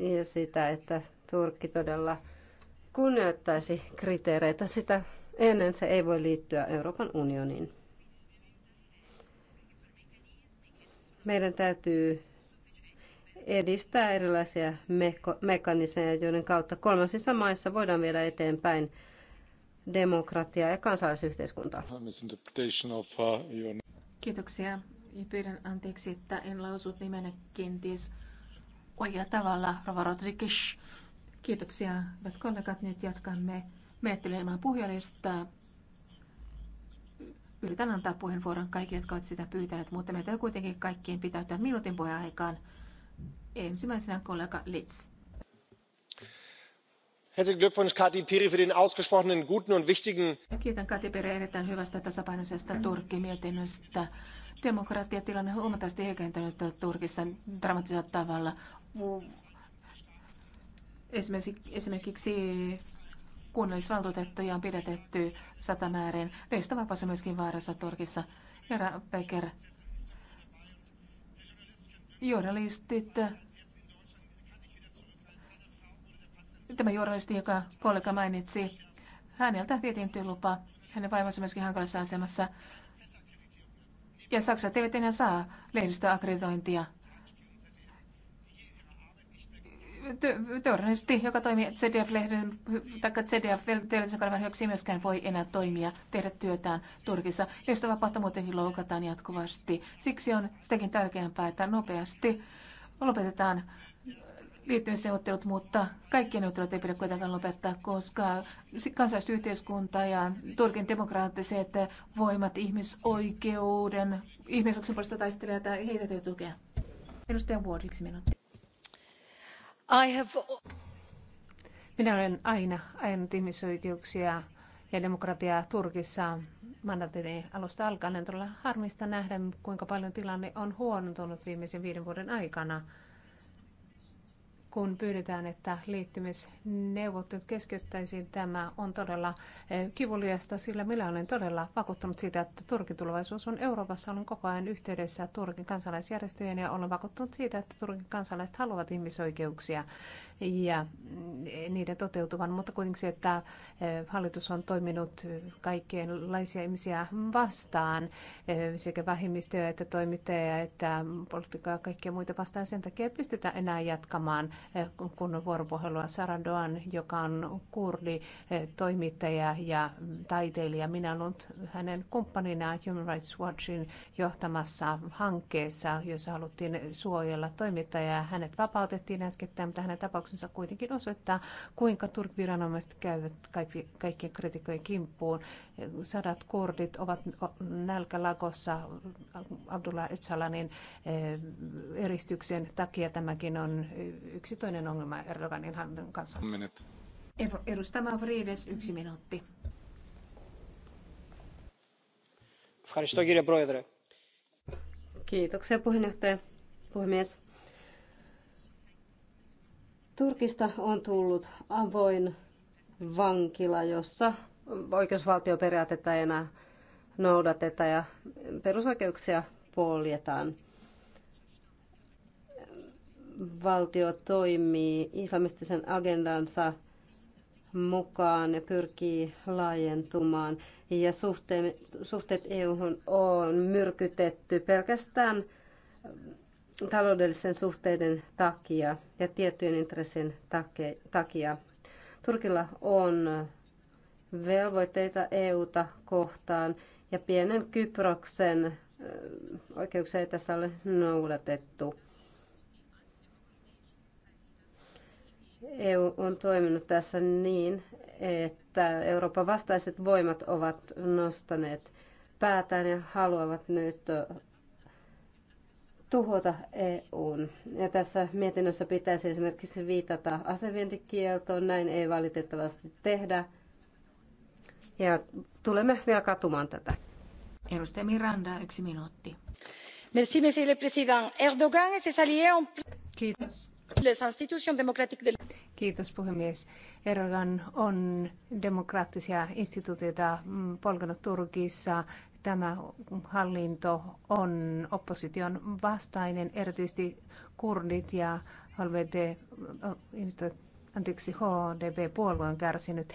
ja sitä, että Turkki todella kunnioittaisi kriteereitä. Sitä ennen se ei voi liittyä Euroopan unioniin. Meidän täytyy edistää erilaisia mekanismeja, joiden kautta kolmansissa maissa voidaan viedä eteenpäin demokratiaa ja kansalaisyhteiskuntaa. Kiitoksia ja pyydän anteeksi, että en lausut nimenne kenties oikealla tavalla, Rova Rodriguez. Kiitoksia, hyvät kollegat. Nyt jatkamme menettelyilman puhujalistaa. Yritän antaa puheenvuoron kaikille, jotka ovat sitä pyytäneet, mutta meitä kuitenkin kaikkiin pitäytyä minuutin puheaikaan. Ensimmäisenä kollega Litz. Herzlichen Glückwunsch Kati Piri für den ausgesprochenen guten und wichtigen. Kiitän Kati Piri erittäin hyvästä tasapainoisesta Turkki-mietinnöstä. Demokratiatilanne on huomattavasti heikentänyt Turkissa dramaattisella tavalla. Esimerkiksi kunnallisvaltuutettuja on pidätetty satamäärin. vapaus on myöskin vaarassa Turkissa. Herra Becker, journalistit, tämä journalisti, joka kollega mainitsi, häneltä vietiin työlupa. Hänen vaimonsa myöskin hankalassa asemassa. Ja Saksa eivät enää saa lehdistöakkreditointia. terroristi, joka toimii ZDF-lehden tai zdf kanavan hyöksi myöskään voi enää toimia, tehdä työtään Turkissa. Lehdistövapautta muutenkin loukataan jatkuvasti. Siksi on sitäkin tärkeämpää, että nopeasti lopetetaan liittymisneuvottelut, mutta kaikki neuvottelut ei pidä kuitenkaan lopettaa, koska yhteiskunta ja Turkin demokraattiset voimat, ihmisoikeuden, ihmisoikeuksien puolesta taistelijat, heitä täytyy tukea. Edustaja Ward, yksi minuutti. I have... Minä olen aina ajanut ihmisoikeuksia ja demokratiaa Turkissa mandatini alusta alkaen. En todella harmista nähdä, kuinka paljon tilanne on huonontunut viimeisen viiden vuoden aikana kun pyydetään, että liittymisneuvottelut keskeyttäisiin. Tämä on todella eh, kivuliasta, sillä minä olen todella vakuuttunut siitä, että Turkin tulevaisuus on Euroopassa. Olen koko ajan yhteydessä Turkin kansalaisjärjestöjen ja olen vakuuttunut siitä, että Turkin kansalaiset haluavat ihmisoikeuksia ja mm, niiden toteutuvan, mutta kuitenkin se, että eh, hallitus on toiminut kaikkienlaisia ihmisiä vastaan, eh, sekä vähemmistöjä että toimittajia että poliitikkoja ja kaikkia muita vastaan. Sen takia pystytä enää jatkamaan eh, kunnon vuoropuhelua. Saradoan, joka on kurdi toimittaja ja taiteilija, minä olen ollut hänen kumppaninaan Human Rights Watchin johtamassa hankkeessa, jossa haluttiin suojella toimittajaa. Hänet vapautettiin äskettäin, mutta hänen tapauksessaan tutkimuksensa kuitenkin osoittaa, kuinka turkviranomaiset käyvät kaikki, kaikkien kritikojen kimppuun. Sadat kurdit ovat nälkälakossa Abdullah Öcalanin eh, eristyksen takia. Tämäkin on yksi toinen ongelma Erdoganin kanssa. Edustama Vrides, yksi minuutti. Kiitoksia puheenjohtaja, puhemies. Turkista on tullut avoin vankila, jossa oikeusvaltioperiaatetta ei enää noudateta ja perusoikeuksia poljetaan. Valtio toimii islamistisen agendansa mukaan ja pyrkii laajentumaan. Ja suhteet, suhteet EU on myrkytetty pelkästään taloudellisen suhteiden takia ja tiettyjen intressien takia. Turkilla on velvoitteita EUta kohtaan ja pienen Kyproksen oikeuksia ei tässä ole noudatettu. EU on toiminut tässä niin, että Euroopan vastaiset voimat ovat nostaneet päätään ja haluavat nyt tuhota EUn. Ja tässä mietinnössä pitäisi esimerkiksi viitata asevientikieltoon, näin ei valitettavasti tehdä. Ja tulemme vielä katumaan tätä. Edustaja Miranda, yksi minuutti. Merci, monsieur le président. Erdogan et ses alliés ont... Kiitos. Kiitos puhemies. Erdogan on demokraattisia instituutioita mm, polkanut Turkissa, tämä hallinto on opposition vastainen, erityisesti kurdit ja HVD, anteeksi, HDP-puolue on kärsinyt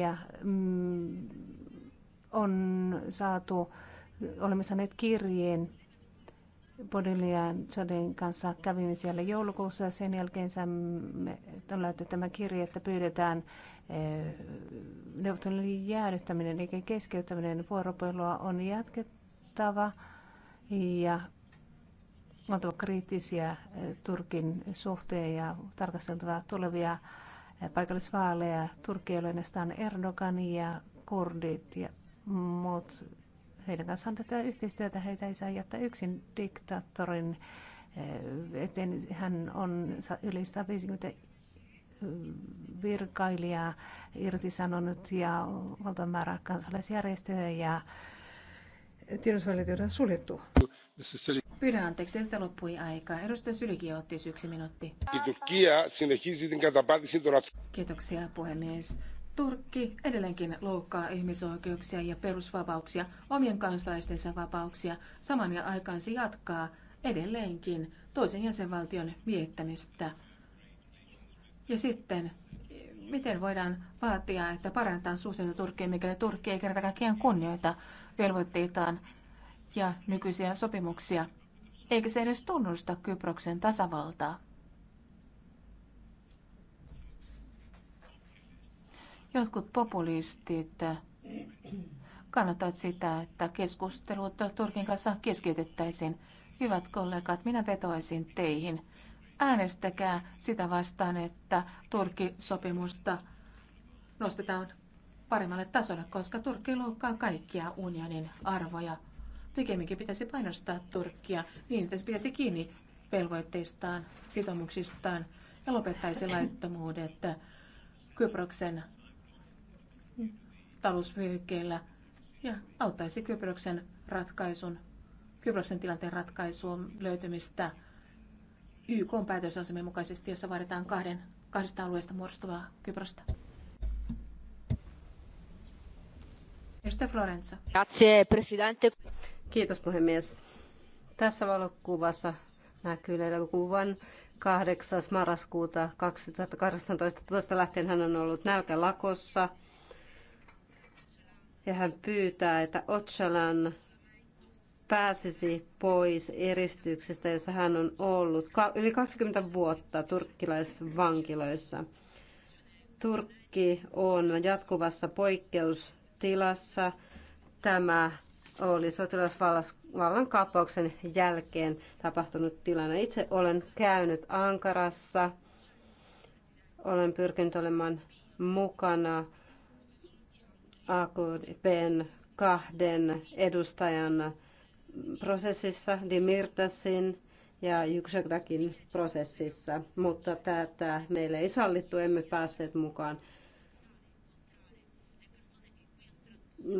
ja mm, on saatu, olemme saaneet kirjeen Bodilian Sodin kanssa kävimme siellä joulukuussa ja sen jälkeen saimme tämä kirje, että pyydetään eh, neuvottelujen jäädyttäminen eikä keskeyttäminen. Vuoropuhelua on jatkettava ja oltava kriittisiä eh, Turkin suhteen ja tarkasteltava tulevia eh, paikallisvaaleja. Turkki ei ole Erdogan ja kurdit ja muut heidän kanssaan tätä yhteistyötä, heitä ei saa jättää yksin diktaattorin eh, eteen. Hän on yli 150 eh, virkailijaa irtisanonut ja valtavan määrä kansalaisjärjestöjä ja tiedotusvälineitä suljettu. Pyydän anteeksi, että loppui aika. Edustaja Sylikin otti yksi minuutti. Kiitoksia puhemies. Turkki edelleenkin loukkaa ihmisoikeuksia ja perusvapauksia, omien kansalaistensa vapauksia. Saman ja aikaan se jatkaa edelleenkin toisen jäsenvaltion miettämistä. Ja sitten, miten voidaan vaatia, että parantaa suhteita Turkkiin, mikäli Turkki ei kerta kaikkiaan kunnioita velvoitteitaan ja nykyisiä sopimuksia, eikä se edes tunnusta Kyproksen tasavaltaa. Jotkut populistit kannattavat sitä, että keskustelut Turkin kanssa keskeytettäisiin. Hyvät kollegat, minä vetoaisin teihin. Äänestäkää sitä vastaan, että Turkki-sopimusta nostetaan paremmalle tasolle, koska Turkki loukkaa kaikkia unionin arvoja. Pikemminkin pitäisi painostaa Turkkia niin, että se pitäisi kiinni velvoitteistaan, sitoumuksistaan ja lopettaisi laittomuudet Kyproksen talousvyöhykkeellä ja auttaisi Kyproksen ratkaisun, Kyproksen tilanteen ratkaisuun löytymistä YK päätösasemien mukaisesti, jossa vaaditaan kahden, kahdesta alueesta muodostuvaa Kyprosta. Edustaja Florenza. Grazie, presidente. Kiitos puhemies. Tässä valokuvassa näkyy kuvan 8. marraskuuta 2018. Tuosta lähtien hän on ollut nälkälakossa ja hän pyytää, että Otsalan pääsisi pois eristyksestä, jossa hän on ollut yli 20 vuotta turkkilaisvankiloissa. Turkki on jatkuvassa poikkeustilassa. Tämä oli sotilasvallan kaappauksen jälkeen tapahtunut tilanne. Itse olen käynyt Ankarassa. Olen pyrkinyt olemaan mukana AKPn kahden edustajan prosessissa, Dimirtasin ja Yksakdakin prosessissa, mutta tätä meille ei sallittu, emme päässeet mukaan.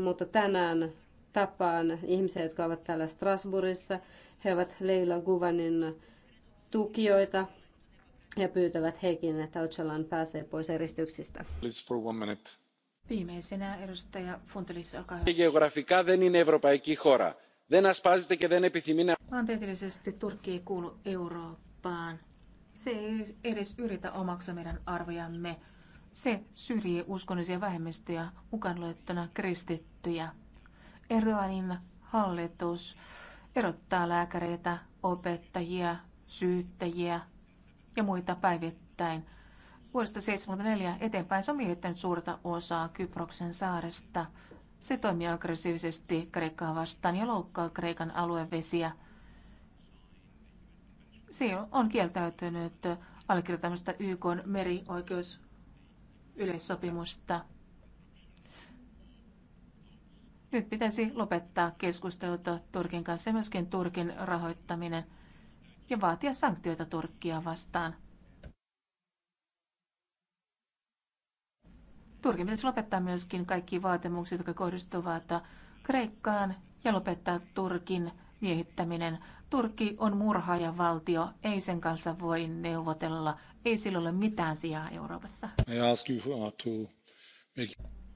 Mutta tänään tapaan ihmisiä, jotka ovat täällä Strasbourgissa. He ovat Leila Guvanin tukijoita ja pyytävät hekin, että Ocalan pääsee pois eristyksistä. Please for one minute. Viimeisenä edustaja Funtelis, olkaa hyvä. Geografικά δεν είναι ευρωπαϊκή χώρα. Δεν ασπάζεται και δεν επιθυμεί να... Maantieteellisesti Turkki ei kuulu Eurooppaan. Se ei edes yritä omaksua meidän arvojamme. Se syrjii uskonnollisia vähemmistöjä, mukaan luettuna kristittyjä. Erdoganin hallitus erottaa lääkäreitä, opettajia, syyttäjiä ja muita päivittäin – Vuodesta 1974 eteenpäin se on miehittänyt suurta osaa Kyproksen saaresta. Se toimii aggressiivisesti Kreikkaa vastaan ja loukkaa Kreikan aluevesiä. Se on kieltäytynyt allekirjoittamasta YK merioikeusyleissopimusta. yleissopimusta. Nyt pitäisi lopettaa keskustelut Turkin kanssa ja myöskin Turkin rahoittaminen ja vaatia sanktioita Turkkia vastaan. Turkin pitäisi lopettaa myöskin kaikki vaatimukset, jotka kohdistuvat Kreikkaan ja lopettaa Turkin miehittäminen. Turkki on murhaajavaltio, ei sen kanssa voi neuvotella, ei sillä ole mitään sijaa Euroopassa.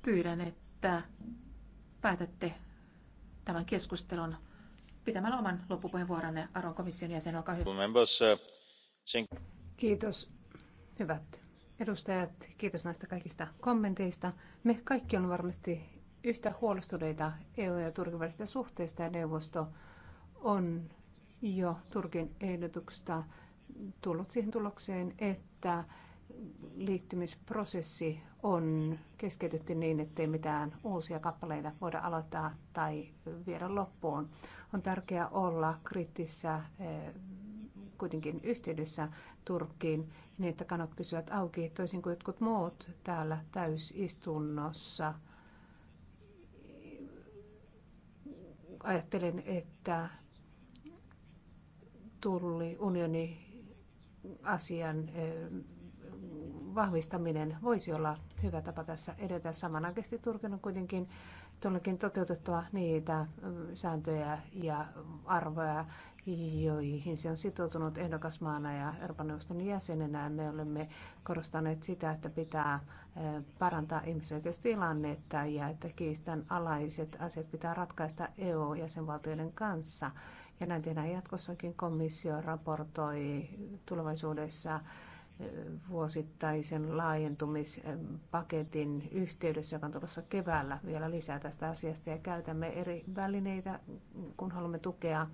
Pyydän, että päätätte tämän keskustelun pitämällä oman loppupuheenvuoronne Aron komission jäsen, olkaa hyvä. Uh, Kiitos. Hyvät Edustajat, kiitos näistä kaikista kommenteista. Me kaikki on varmasti yhtä huolestuneita EU- ja Turkin välistä suhteista ja neuvosto on jo Turkin ehdotuksesta tullut siihen tulokseen, että liittymisprosessi on keskeytetty niin, ettei mitään uusia kappaleita voida aloittaa tai viedä loppuun. On tärkeää olla kriittisessä eh, kuitenkin yhteydessä Turkkiin niin, että kanat pysyvät auki, toisin kuin jotkut muut täällä täysistunnossa. Ajattelen, että tulli unioni asian vahvistaminen voisi olla hyvä tapa tässä edetä. Samanaikaisesti Turkin on kuitenkin todellakin toteutettava niitä sääntöjä ja arvoja, joihin se on sitoutunut ehdokasmaana ja Euroopan neuvoston jäsenenä. Me olemme korostaneet sitä, että pitää parantaa ihmisoikeustilannetta ja että kiistan alaiset asiat pitää ratkaista EU-jäsenvaltioiden kanssa. Ja näin tehdään jatkossakin. Komissio raportoi tulevaisuudessa vuosittaisen laajentumispaketin yhteydessä, joka on tulossa keväällä vielä lisää tästä asiasta. Ja käytämme eri välineitä, kun haluamme tukea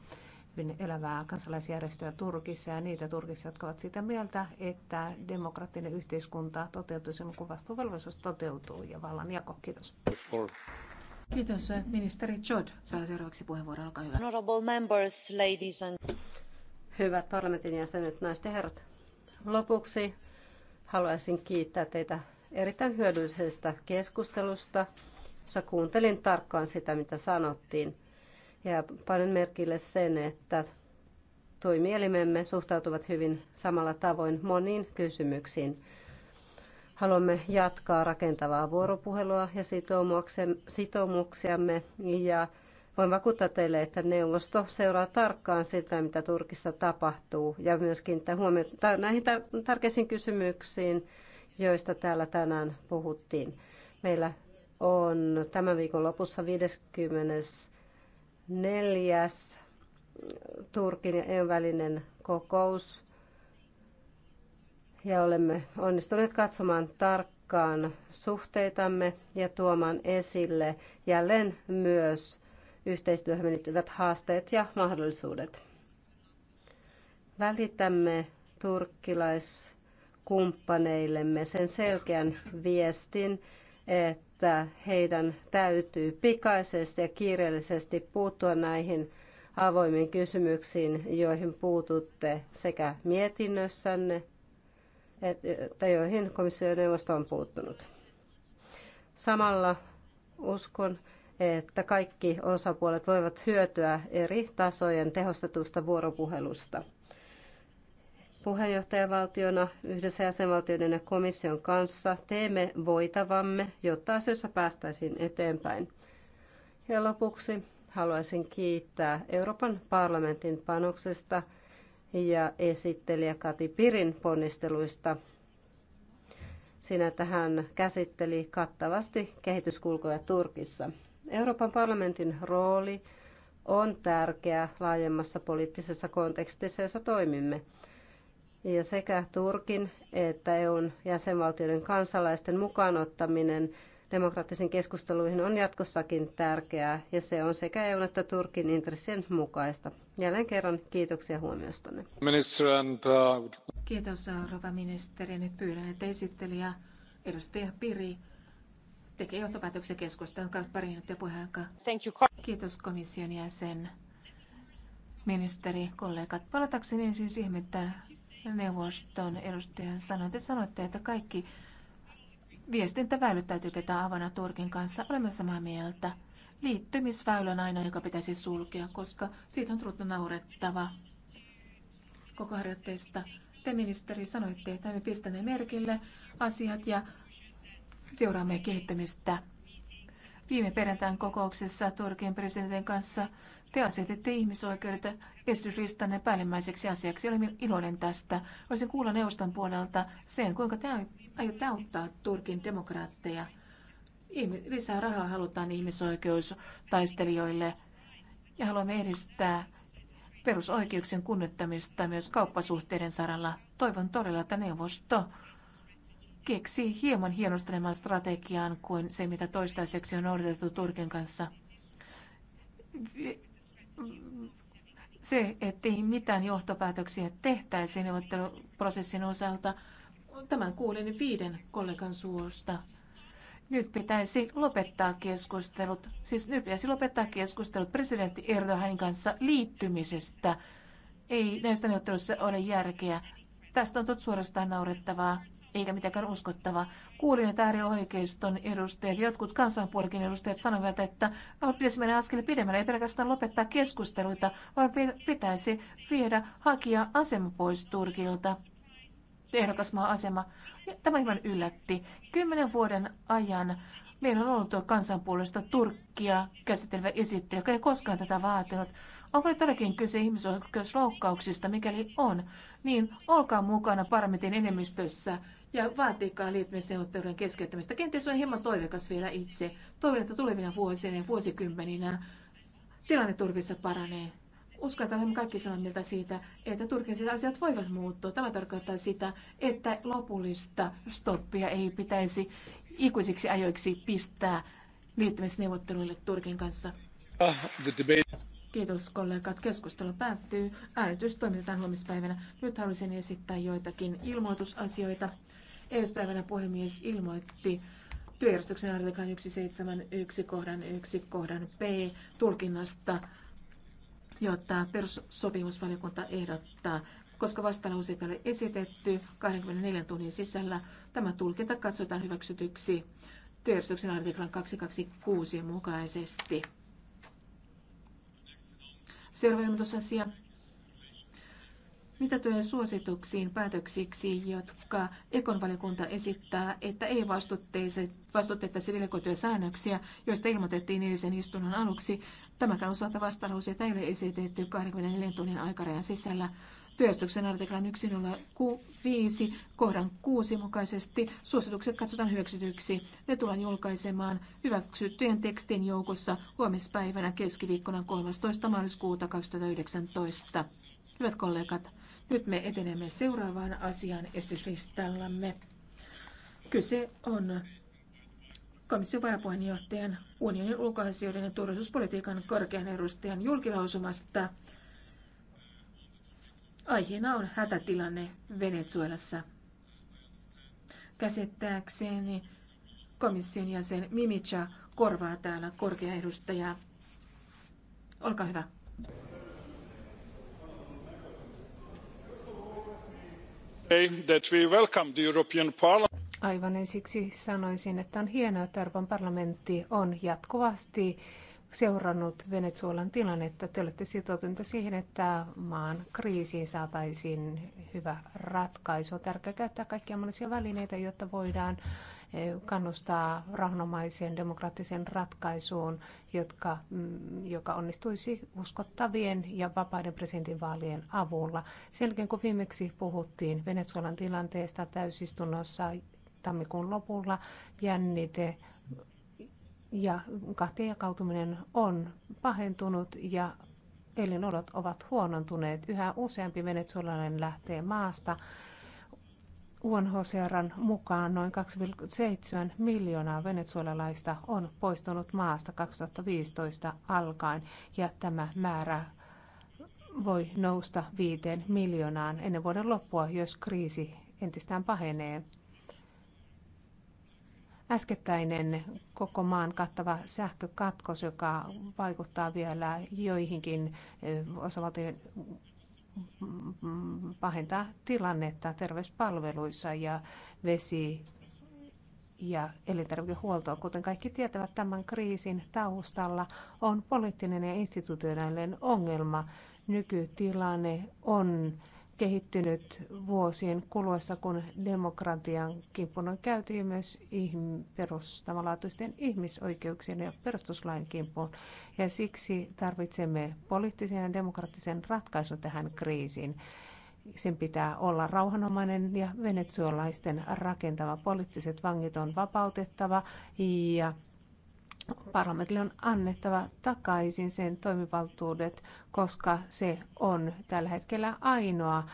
hyvin elävää kansalaisjärjestöä Turkissa ja niitä Turkissa, jotka ovat sitä mieltä, että demokraattinen yhteiskunta toteutuu silloin, kun vastuuvelvollisuus toteutuu ja jako. Kiitos. Kiitos. Ministeri Chod saa seuraavaksi puheenvuoron. Olkaa hyvä. Honorable members, ladies and... Hyvät parlamentin jäsenet, naiset ja herrat. Lopuksi haluaisin kiittää teitä erittäin hyödyllisestä keskustelusta, jossa kuuntelin tarkkaan sitä, mitä sanottiin. Ja panen merkille sen, että toimielimemme suhtautuvat hyvin samalla tavoin moniin kysymyksiin. Haluamme jatkaa rakentavaa vuoropuhelua ja sitoumuksiamme ja Voin vakuuttaa teille, että neuvosto seuraa tarkkaan sitä, mitä Turkissa tapahtuu ja myös kiinnittää huomiota näihin tärkeisiin kysymyksiin, joista täällä tänään puhuttiin. Meillä on tämän viikon lopussa 54. Turkin ja EUn välinen kokous. Ja olemme onnistuneet katsomaan tarkkaan suhteitamme ja tuomaan esille jälleen myös yhteistyöhön liittyvät haasteet ja mahdollisuudet. Välitämme turkkilaiskumppaneillemme sen selkeän viestin, että heidän täytyy pikaisesti ja kiireellisesti puuttua näihin avoimiin kysymyksiin, joihin puututte sekä mietinnössänne että joihin komission neuvosto on puuttunut. Samalla uskon, että kaikki osapuolet voivat hyötyä eri tasojen tehostetusta vuoropuhelusta. Puheenjohtajavaltiona yhdessä jäsenvaltioiden ja komission kanssa teemme voitavamme, jotta asioissa päästäisiin eteenpäin. Ja lopuksi haluaisin kiittää Euroopan parlamentin panoksesta ja esittelijä Kati Pirin ponnisteluista siinä, että hän käsitteli kattavasti kehityskulkuja Turkissa. Euroopan parlamentin rooli on tärkeä laajemmassa poliittisessa kontekstissa, jossa toimimme. Ja sekä Turkin että EUn jäsenvaltioiden kansalaisten mukaanottaminen demokraattisiin keskusteluihin on jatkossakin tärkeää, ja se on sekä EUn että Turkin intressien mukaista. Jälleen kerran kiitoksia huomiostanne. Uh, Kiitos, rouva ministeri. Nyt pyydän, että esittelijä edustaja Piri tekee johtopäätöksen keskustelun kautta pari minuuttia puheenaikaa. Kiitos komission jäsen, ministeri, kollegat. Palatakseni ensin siihen, että neuvoston edustajan sanoi, että sanoitte, että kaikki viestintäväylät täytyy pitää avana Turkin kanssa. Olemme samaa mieltä. on aina, joka pitäisi sulkea, koska siitä on tullut naurettava koko harjoitteesta. Te ministeri sanoitte, että me pistämme merkille asiat ja seuraamme kehittämistä. Viime perjantain kokouksessa Turkin presidentin kanssa te asetitte ihmisoikeudet esityslistanne päällimmäiseksi asiaksi. Olen iloinen tästä. Olisin kuulla neuvoston puolelta sen, kuinka te aiotte auttaa Turkin demokraatteja. Lisää rahaa halutaan ihmisoikeustaistelijoille ja haluamme edistää perusoikeuksien kunnioittamista myös kauppasuhteiden saralla. Toivon todella, että neuvosto keksi hieman hienostelemaan strategiaan kuin se, mitä toistaiseksi on noudatettu Turkin kanssa. Se, ettei mitään johtopäätöksiä tehtäisi neuvotteluprosessin osalta, tämän kuulin viiden kollegan suosta. Nyt pitäisi lopettaa keskustelut, siis nyt pitäisi lopettaa keskustelut presidentti Erdoganin kanssa liittymisestä. Ei näistä neuvotteluissa ole järkeä. Tästä on tullut suorastaan naurettavaa eikä mitenkään uskottava. Kuulin, että äärioikeiston edustajat, jotkut kansanpuolikin edustajat sanovat, että pitäisi mennä askel pidemmälle, ei pelkästään lopettaa keskusteluita, vaan pitäisi viedä hakija asema pois Turkilta ehdokasmaa asema. Tämä hieman yllätti. Kymmenen vuoden ajan meillä on ollut kansanpuolesta Turkkia käsittelevä esittely, joka ei koskaan tätä vaatinut. Onko nyt todellakin kyse ihmisoikeusloukkauksista, mikäli on, niin olkaa mukana parlamentin enemmistössä ja vaatiikaan liittymisneuvottelujen keskeyttämistä. Kenties on hieman toiveikas vielä itse. Toivon, että tulevina vuosina ja vuosikymmeninä tilanne Turkissa paranee. Uskon, että olemme kaikki samaa mieltä siitä, että Turkin asiat voivat muuttua. Tämä tarkoittaa sitä, että lopullista stoppia ei pitäisi ikuisiksi ajoiksi pistää liittymisneuvotteluille Turkin kanssa. Ah, Kiitos kollegat. Keskustelu päättyy. Äänitys toimitetaan huomispäivänä. Nyt haluaisin esittää joitakin ilmoitusasioita. Edespäivänä puhemies ilmoitti työjärjestyksen artiklan 171 kohdan 1 kohdan B tulkinnasta, jotta perussopimusvaliokunta ehdottaa, koska vastalauseita oli esitetty 24 tunnin sisällä, tämä tulkinta katsotaan hyväksytyksi työjärjestyksen artiklan 226 mukaisesti. Selvä ilmoitusasia. Mitä tulee suosituksiin päätöksiksi, jotka ekonvaliokunta esittää, että ei vastutettaisi delegoituja säännöksiä, joista ilmoitettiin eilisen istunnon aluksi, tämäkään osalta vastalauseita ei ole esitetty 24 tunnin aikarajan sisällä. Työjärjestyksen artiklan 105 kohdan 6 mukaisesti suositukset katsotaan hyväksytyksi. Ne tullaan julkaisemaan hyväksyttyjen tekstien joukossa huomispäivänä keskiviikkona 13. maaliskuuta 2019. Hyvät kollegat, nyt me etenemme seuraavaan asiaan esityslistallamme. Kyse on komission varapuheenjohtajan unionin ulkoasioiden ja turvallisuuspolitiikan korkean edustajan julkilausumasta. Aiheena on hätätilanne Venezuelassa. Käsittääkseni komission jäsen Mimicha korvaa täällä korkea edustajaa. Olkaa hyvä. Aivan ensiksi sanoisin, että on hienoa, että Euroopan parlamentti on jatkuvasti seurannut Venezuelan tilannetta. Te olette sitoutuneita siihen, että maan kriisiin saataisiin hyvä ratkaisu. On tärkeää käyttää kaikkia mahdollisia välineitä, jotta voidaan kannustaa rahnomaiseen demokraattiseen ratkaisuun, jotka, mm, joka onnistuisi uskottavien ja vapaiden presidentinvaalien avulla. Sen jälkeen kun viimeksi puhuttiin Venezuelan tilanteesta täysistunnossa tammikuun lopulla, jännite ja kahteen jakautuminen on pahentunut ja elinolot ovat huonontuneet. Yhä useampi venezuelalainen lähtee maasta UNHCRn mukaan noin 2,7 miljoonaa venezuelalaista on poistunut maasta 2015 alkaen ja tämä määrä voi nousta viiteen miljoonaan ennen vuoden loppua, jos kriisi entistään pahenee. Äskettäinen koko maan kattava sähkökatkos, joka vaikuttaa vielä joihinkin osavaltion pahentaa tilannetta terveyspalveluissa ja vesi ja elintarvikehuoltoa. Kuten kaikki tietävät, tämän kriisin taustalla on poliittinen ja institutionaalinen ongelma. Nykytilanne on kehittynyt vuosien kuluessa, kun demokratian kimppuun on käyty ja myös perustavanlaatuisten ihmisoikeuksien ja perustuslain kimppuun. Ja siksi tarvitsemme poliittisen ja demokraattisen ratkaisun tähän kriisiin. Sen pitää olla rauhanomainen ja venezuelaisten rakentava. Poliittiset vangit on vapautettava ja Parlamentille on annettava takaisin sen toimivaltuudet, koska se on tällä hetkellä ainoa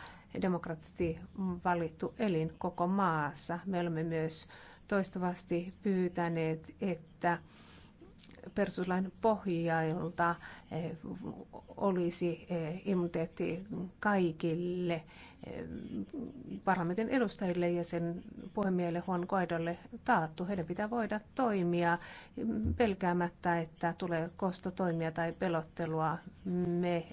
demokraattisesti valittu elin koko maassa. Me olemme myös toistuvasti pyytäneet, että Persuslain pohjailta eh, olisi eh, immuniteetti kaikille eh, parlamentin edustajille ja sen puhemiehelle Juan Guaidolle taattu. Heidän pitää voida toimia mm, pelkäämättä, että tulee kosto toimia tai pelottelua. Me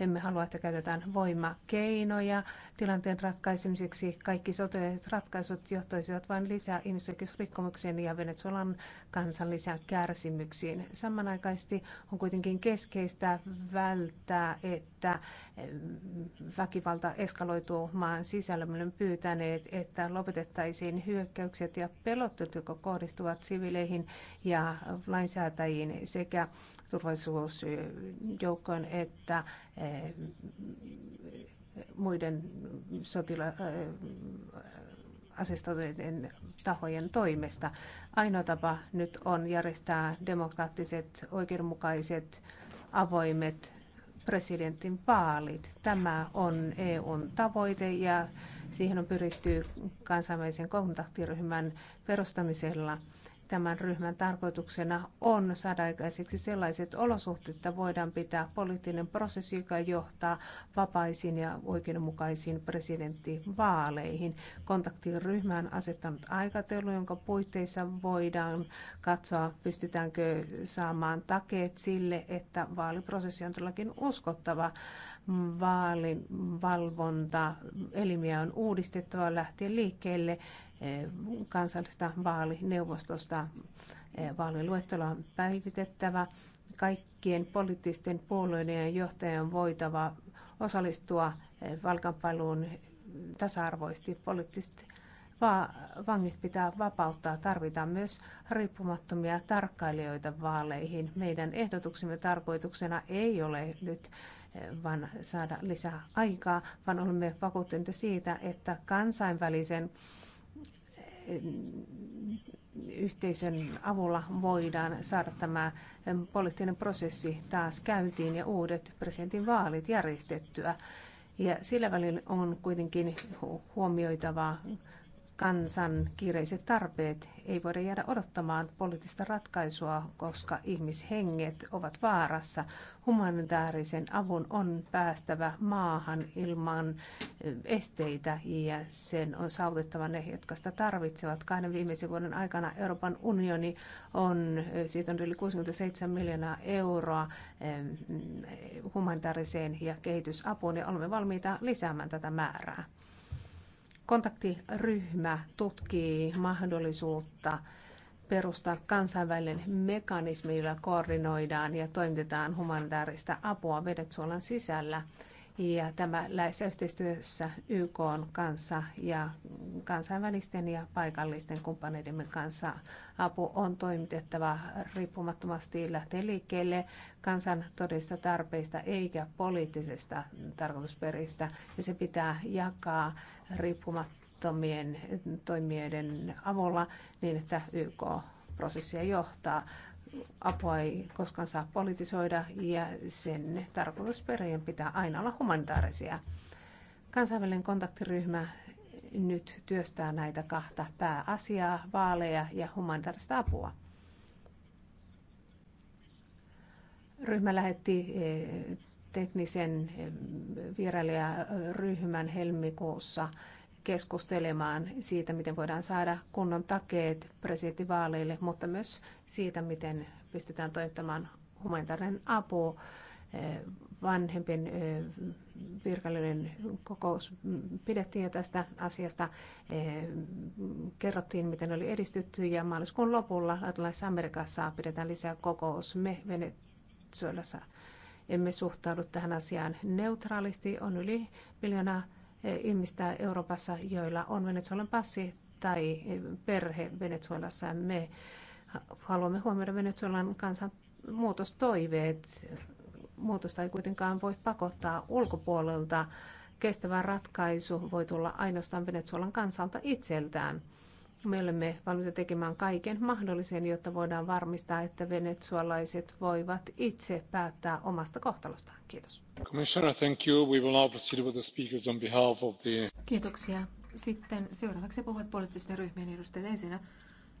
emme halua, että käytetään voimakeinoja tilanteen ratkaisemiseksi. Kaikki sotilaiset ratkaisut johtaisivat vain lisää ihmisoikeusrikkomuksiin ja Venezuelan kansan lisää kärsimyksiin. Samanaikaisesti on kuitenkin keskeistä välttää, että mm, väkivalta eskaloituu maan sisällä. olemme pyytäneet, että lopetettaisiin hyökkäykset ja pelottelut, jotka kohdistuvat sivileihin ja lainsäätäjiin sekä turvallisuusjoukkoon että Eh, muiden sotila, eh, asestautuneiden tahojen toimesta. Ainoa tapa nyt on järjestää demokraattiset, oikeudenmukaiset, avoimet presidentin vaalit. Tämä on EUn tavoite ja siihen on pyritty kansainvälisen kontaktiryhmän perustamisella – Tämän ryhmän tarkoituksena on saada aikaiseksi sellaiset olosuhteet, että voidaan pitää poliittinen prosessi, joka johtaa vapaisiin ja oikeudenmukaisiin presidenttivaaleihin. Kontaktiryhmä on asettanut aikataulu, jonka puitteissa voidaan katsoa, pystytäänkö saamaan takeet sille, että vaaliprosessi on todellakin uskottava vaalivalvonta elimiä on uudistettava lähtien liikkeelle Eh, kansallista vaalineuvostosta. Eh, Vaaliluettelo on päivitettävä. Kaikkien poliittisten puolueiden ja johtajien on voitava osallistua eh, valkanpaluun tasa-arvoisesti. Poliittiset vangit pitää vapauttaa. Tarvitaan myös riippumattomia tarkkailijoita vaaleihin. Meidän ehdotuksemme tarkoituksena ei ole nyt vaan saada lisää aikaa, vaan olemme vakuuttuneita siitä, että kansainvälisen yhteisön avulla voidaan saada tämä poliittinen prosessi taas käyntiin ja uudet presidentin vaalit järjestettyä. Ja sillä välin on kuitenkin huomioitava kansan kiireiset tarpeet. Ei voida jäädä odottamaan poliittista ratkaisua, koska ihmishenget ovat vaarassa. Humanitaarisen avun on päästävä maahan ilman eh, esteitä ja sen on saavutettava ne, jotka sitä tarvitsevat. Kahden viimeisen vuoden aikana Euroopan unioni on eh, siitä on yli 67 miljoonaa euroa eh, humanitaariseen ja kehitysapuun ja olemme valmiita lisäämään tätä määrää. Kontaktiryhmä tutkii mahdollisuutta perustaa kansainvälinen mekanismi, jolla koordinoidaan ja toimitetaan humanitaarista apua Venezuelan sisällä. Ja tämä läheisessä yhteistyössä YK on kanssa ja kansainvälisten ja paikallisten kumppaneidemme kanssa apu on toimitettava riippumattomasti lähtee liikkeelle kansan todista tarpeista eikä poliittisesta tarkoitusperistä. Ja se pitää jakaa riippumattomien toimijoiden avulla niin, että YK prosessia johtaa apua ei koskaan saa politisoida ja sen tarkoitusperien pitää aina olla humanitaarisia. Kansainvälinen kontaktiryhmä nyt työstää näitä kahta pääasiaa, vaaleja ja humanitaarista apua. Ryhmä lähetti eh, teknisen eh, vierailijaryhmän helmikuussa keskustelemaan siitä, miten voidaan saada kunnon takeet presidentinvaaleille, mutta myös siitä, miten pystytään toimittamaan humanitaarinen apu eh, vanhempien eh, virkailijoiden kokous pidettiin ja tästä asiasta eh, kerrottiin, miten oli edistytty ja maaliskuun lopulla Latinalaisessa Amerikassa pidetään lisää kokous. Me Venezuelassa emme suhtaudu tähän asiaan neutraalisti. On yli miljoonaa ihmistä Euroopassa, joilla on Venezuelan passi tai perhe Venezuelassa. Me haluamme huomioida Venezuelan kansan muutostoiveet. Muutosta ei kuitenkaan voi pakottaa ulkopuolelta. Kestävä ratkaisu voi tulla ainoastaan Venezuelan kansalta itseltään. Me olemme valmiita tekemään kaiken mahdollisen, jotta voidaan varmistaa, että venezuelaiset voivat itse päättää omasta kohtalostaan. Kiitos. Kiitoksia. Sitten seuraavaksi puhuvat poliittisten ryhmien edustajat ensinnä.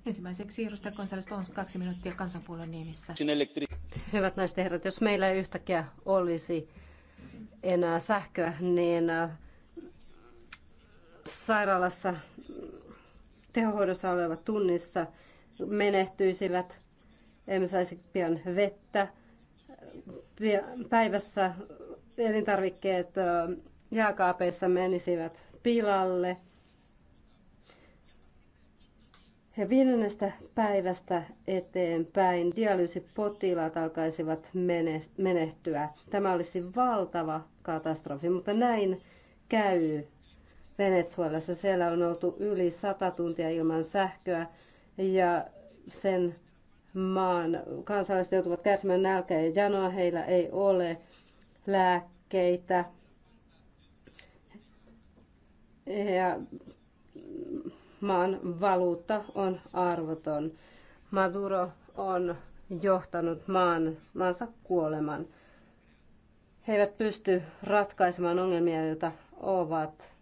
Ensimmäiseksi edustaja Gonzales Pons, kaksi minuuttia kansanpuolen nimissä. Hyvät naiset herrat, jos meillä yhtäkkiä olisi enää sähköä, niin äh, sairaalassa tehohoidossa olevat tunnissa menehtyisivät, emme saisi pian vettä, päivässä elintarvikkeet jääkaapeissa menisivät pilalle. Ja viidennestä päivästä eteenpäin dialyysipotilaat alkaisivat menehtyä. Tämä olisi valtava katastrofi, mutta näin käy Venezuelassa. Siellä on oltu yli 100 tuntia ilman sähköä ja sen maan kansalaiset joutuvat kärsimään nälkää ja janoa. Heillä ei ole lääkkeitä. Ja maan valuutta on arvoton. Maduro on johtanut maan, maansa kuoleman. He eivät pysty ratkaisemaan ongelmia, joita ovat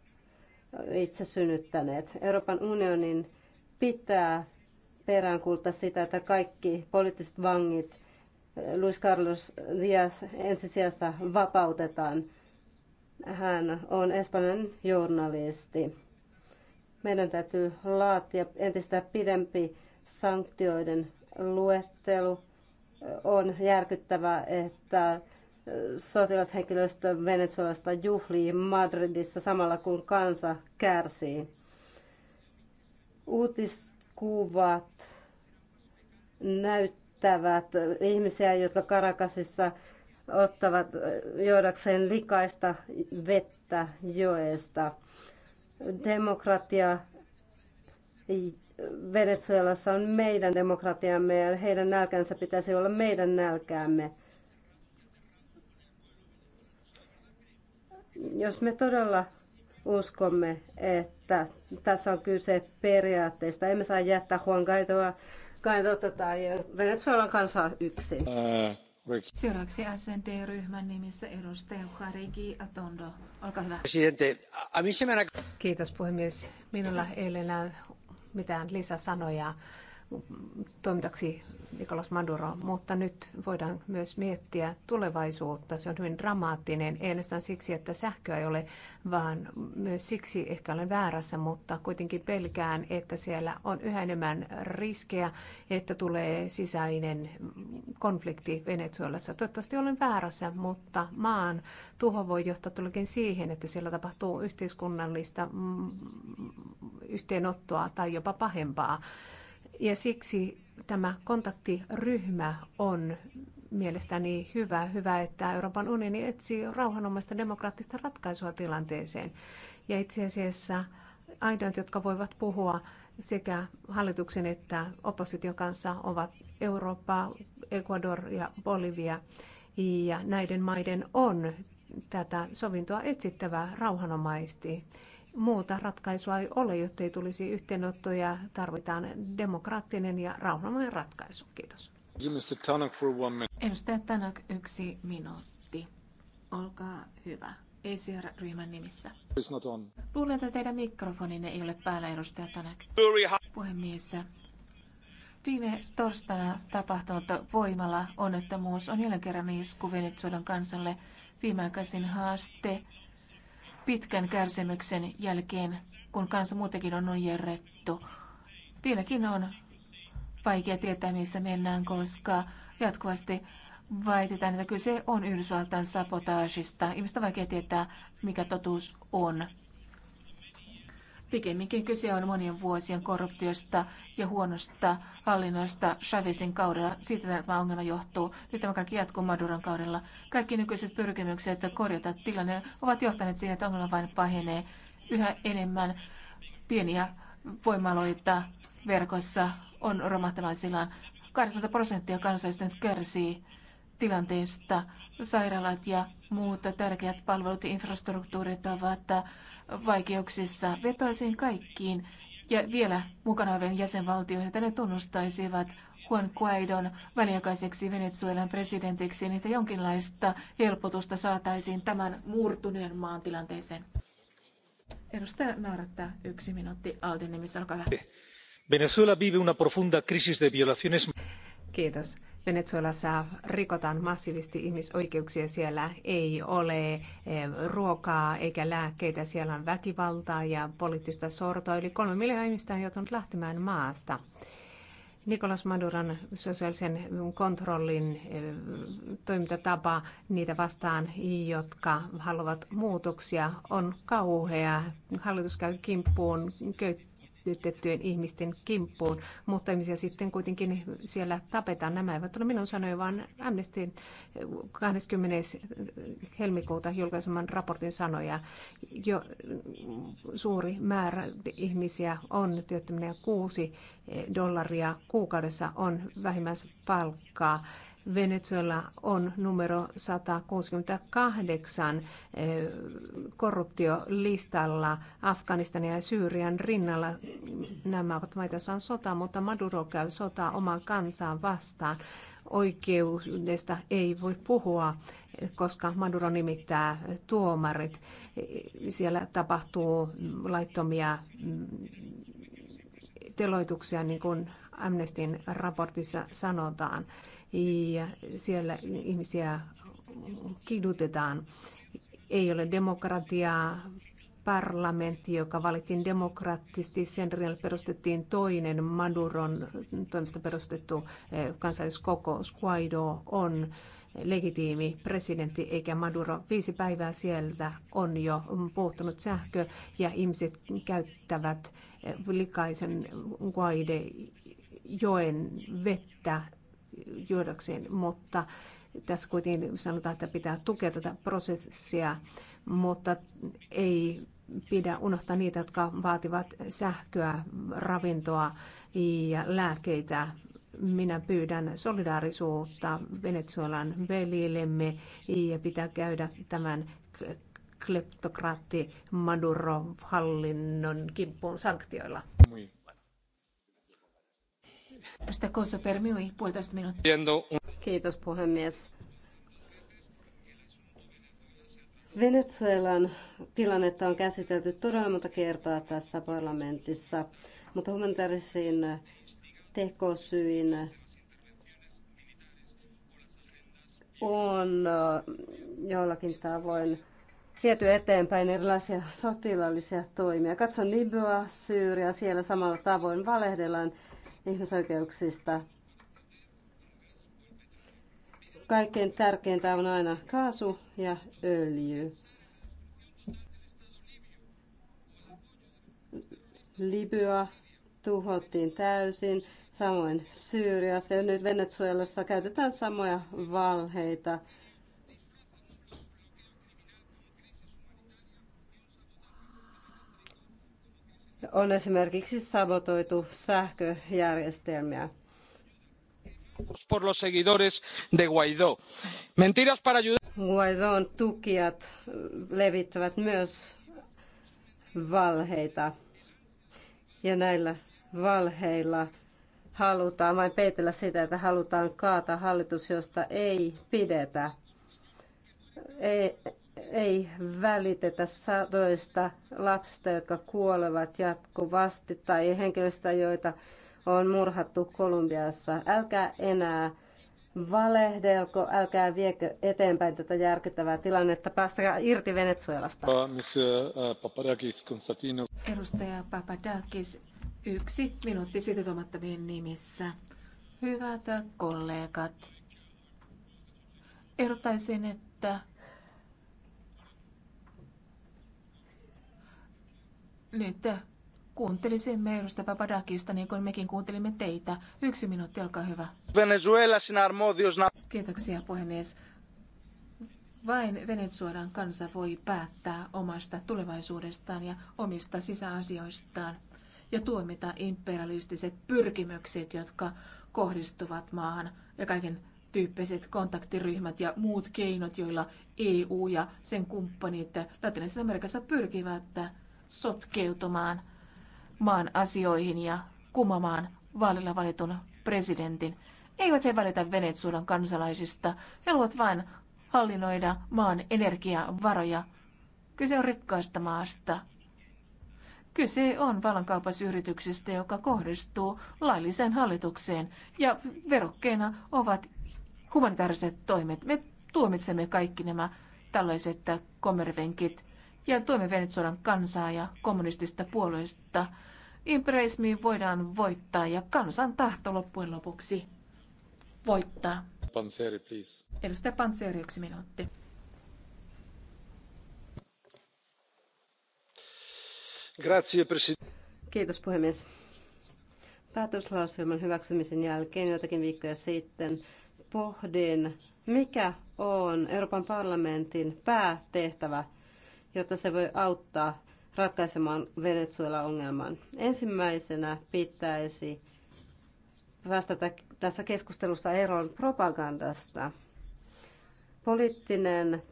itse synnyttäneet. Euroopan unionin pitää peräänkuulta sitä, että kaikki poliittiset vangit eh, Luis Carlos Diaz ensisijassa vapautetaan. Hän on espanjan journalisti. Meidän täytyy laatia entistä pidempi sanktioiden luettelu. On järkyttävää, että sotilashenkilöstö Venezuelasta juhlii Madridissa samalla kun kansa kärsii. Uutiskuvat näyttävät ihmisiä, jotka Karakasissa ottavat juodakseen likaista vettä joesta. Demokratia Venezuelassa on meidän demokratiamme ja heidän nälkänsä pitäisi olla meidän nälkäämme. Jos me todella uskomme, että tässä on kyse periaatteista, emme saa jättää Juan Guaidoa, Guaidoa tai Venezuelan kansaa yksin. Ää... Seuraavaksi SND-ryhmän nimissä edustaja Harigi Atondo. Olkaa hyvä. Kiitos puhemies. Minulla ei ole enää mitään lisäsanoja toimintaksi Nicolas Maduro, mutta nyt voidaan myös miettiä tulevaisuutta. Se on hyvin dramaattinen, ei ainoastaan siksi, että sähköä ei ole, vaan myös siksi ehkä olen väärässä, mutta kuitenkin pelkään, että siellä on yhä enemmän riskejä, että tulee sisäinen konflikti Venezuelassa. Toivottavasti olen väärässä, mutta maan tuho voi johtaa tulikin siihen, että siellä tapahtuu yhteiskunnallista mm, yhteenottoa tai jopa pahempaa. Ja siksi tämä kontaktiryhmä on mielestäni hyvä. Hyvä, että Euroopan unioni etsii rauhanomaista demokraattista ratkaisua tilanteeseen. Ja itse asiassa ainoat, jotka voivat puhua sekä hallituksen että opposition kanssa, ovat Eurooppa, Ecuador ja Bolivia. Ja näiden maiden on tätä sovintoa etsittävä rauhanomaisesti muuta ratkaisua ei ole, jotta ei tulisi yhteenottoja. Tarvitaan demokraattinen ja rauhanomainen ratkaisu. Kiitos. Edustaja Tanak, yksi minuutti. Olkaa hyvä. ECR-ryhmän nimissä. Luulen, että teidän mikrofoninne ei ole päällä, edustaja Tanak. Puhemies, Viime torstaina tapahtunut voimalla onnettomuus on jälleen kerran isku Venezuelan kansalle. Viimeaikaisin haaste pitkän kärsimyksen jälkeen, kun kansa muutenkin on nujerrettu. Vieläkin on vaikea tietää, missä mennään, koska jatkuvasti väitetään, että kyse on Yhdysvaltain sabotaasista. Ihmistä on vaikea tietää, mikä totuus on. Pikemminkin kyse on monien vuosien korruptiosta ja huonosta hallinnosta Chavezin kaudella. Siitä tämä ongelma johtuu. Nyt tämä kaikki jatkuu Maduron kaudella. Kaikki nykyiset pyrkimykset korjata tilanne ovat johtaneet siihen, että ongelma vain pahenee yhä enemmän pieniä voimaloita verkossa on romahtamaisillaan. 80 prosenttia kansalaisista nyt kärsii tilanteesta. Sairaalat ja muut tärkeät palvelut ja infrastruktuurit ovat vaikeuksissa. Vetoisin kaikkiin ja vielä mukana olevien jäsenvaltioihin, että ne tunnustaisivat Juan Guaidon väliaikaiseksi Venezuelan presidentiksi, niin että jonkinlaista helpotusta saataisiin tämän murtuneen maan tilanteeseen. Edustaja Naarta, yksi minuutti. nimissä, olkaa hyvä. Venezuela vive una profunda crisis de violaciones. Kiitos. Venezuelassa rikotaan massiivisesti ihmisoikeuksia. Siellä ei ole eh, ruokaa eikä lääkkeitä. Siellä on väkivaltaa ja poliittista sortoa. Yli kolme miljoonaa ihmistä on joutunut lähtemään maasta. Nikolas Maduran sosiaalisen kontrollin eh, toimintatapa niitä vastaan, jotka haluavat muutoksia, on kauhea. Hallitus käy kimppuun, köyttä syytettyjen ihmisten kimppuun, mutta ihmisiä sitten kuitenkin siellä tapetaan. Nämä eivät ole minun sanoja, vaan Amnestin 20. helmikuuta julkaiseman raportin sanoja. Jo suuri määrä ihmisiä on työttömiä. kuusi dollaria kuukaudessa on vähimmäispalkkaa. Venezuela on numero 168 eh, korruptiolistalla Afganistanin ja Syyrian rinnalla. Nämä ovat maita, joissa on sota, mutta Maduro käy sotaa oman kansaan vastaan. Oikeudesta ei voi puhua, koska Maduro nimittää tuomarit. Siellä tapahtuu laittomia mm, teloituksia, niin kuin Amnestin raportissa sanotaan. Ja siellä ihmisiä kidutetaan. Ei ole demokratiaa, parlamentti, joka valittiin demokraattisesti. Sen rinnalle perustettiin toinen Maduron toimesta perustettu eh, kansalliskokous. Guaido on legitiimi presidentti eikä Maduro. Viisi päivää sieltä on jo puuttunut sähkö ja ihmiset käyttävät eh, likaisen Guaide joen vettä juodakseen, mutta tässä kuitenkin sanotaan, että pitää tukea tätä prosessia, mutta ei pidä unohtaa niitä, jotka vaativat sähköä, ravintoa ja lääkkeitä. Minä pyydän solidaarisuutta Venezuelan veljillemme ja pitää käydä tämän kleptokraatti Maduro-hallinnon kimppuun sanktioilla minuuttia. Kiitos puhemies. Venezuelan tilannetta on käsitelty todella monta kertaa tässä parlamentissa, mutta humanitaarisiin tekosyin on äh, jollakin tavoin viety eteenpäin erilaisia sotilaallisia toimia. Katson Libyaa, Syyriä, siellä samalla tavoin valehdellaan ihmisoikeuksista. Kaikkein tärkeintä on aina kaasu ja öljy. Libya tuhottiin täysin, samoin Syyriassa ja nyt Venezuelassa käytetään samoja valheita – on esimerkiksi sabotoitu sähköjärjestelmiä. Por los seguidores de Guaidó. Mentiras para ayudar. Guaidon tukijat levittävät myös valheita. Ja näillä valheilla halutaan vain peitellä sitä, että halutaan kaata hallitus, josta ei pidetä. Ei, ei välitetä sadoista lapsista, jotka kuolevat jatkuvasti, tai henkilöistä, joita on murhattu Kolumbiassa. Älkää enää valehdelko, älkää viekö eteenpäin tätä järkyttävää tilannetta. Päästäkää irti Venezuelasta. Eh, Edustaja Papadakis, yksi minuutti sitoutumattomien nimissä. Hyvät kollegat, ehdottaisin, että Nyt kuuntelisin edustaja Papadakista, niin kuin mekin kuuntelimme teitä. Yksi minuutti, olkaa hyvä. Venezuela sinä armodios... Kiitoksia, puhemies. Vain Venezuelan kansa voi päättää omasta tulevaisuudestaan ja omista sisäasioistaan ja tuomita imperialistiset pyrkimykset, jotka kohdistuvat maahan ja kaiken tyyppiset kontaktiryhmät ja muut keinot, joilla EU ja sen kumppanit Latinalaisessa Amerikassa pyrkivät sotkeutumaan maan asioihin ja kumomaan vaalilla valitun presidentin. Eivät he välitä Venezuelan kansalaisista, he haluavat vain hallinnoida maan energiavaroja. Kyse on rikkaasta maasta. Kyse on vallankaupasyrityksestä, joka kohdistuu lailliseen hallitukseen, ja verokkeena ovat humanitaariset toimet. Me tuomitsemme kaikki nämä tällaiset kommervenkit ja tuemme Venezuelan kansaa ja kommunistista puolueista. Imperialismi voidaan voittaa ja kansan tahto loppujen lopuksi voittaa. Panseri, please. Edustaja Panseri, yksi minuutti. Grazie, Kiitos puhemies. Päätöslauselman hyväksymisen jälkeen joitakin viikkoja sitten pohdin, mikä on Euroopan parlamentin päätehtävä jotta se voi auttaa ratkaisemaan Venezuela-ongelman. Ensimmäisenä pitäisi vastata tässä keskustelussa eroon propagandasta. Poliittinen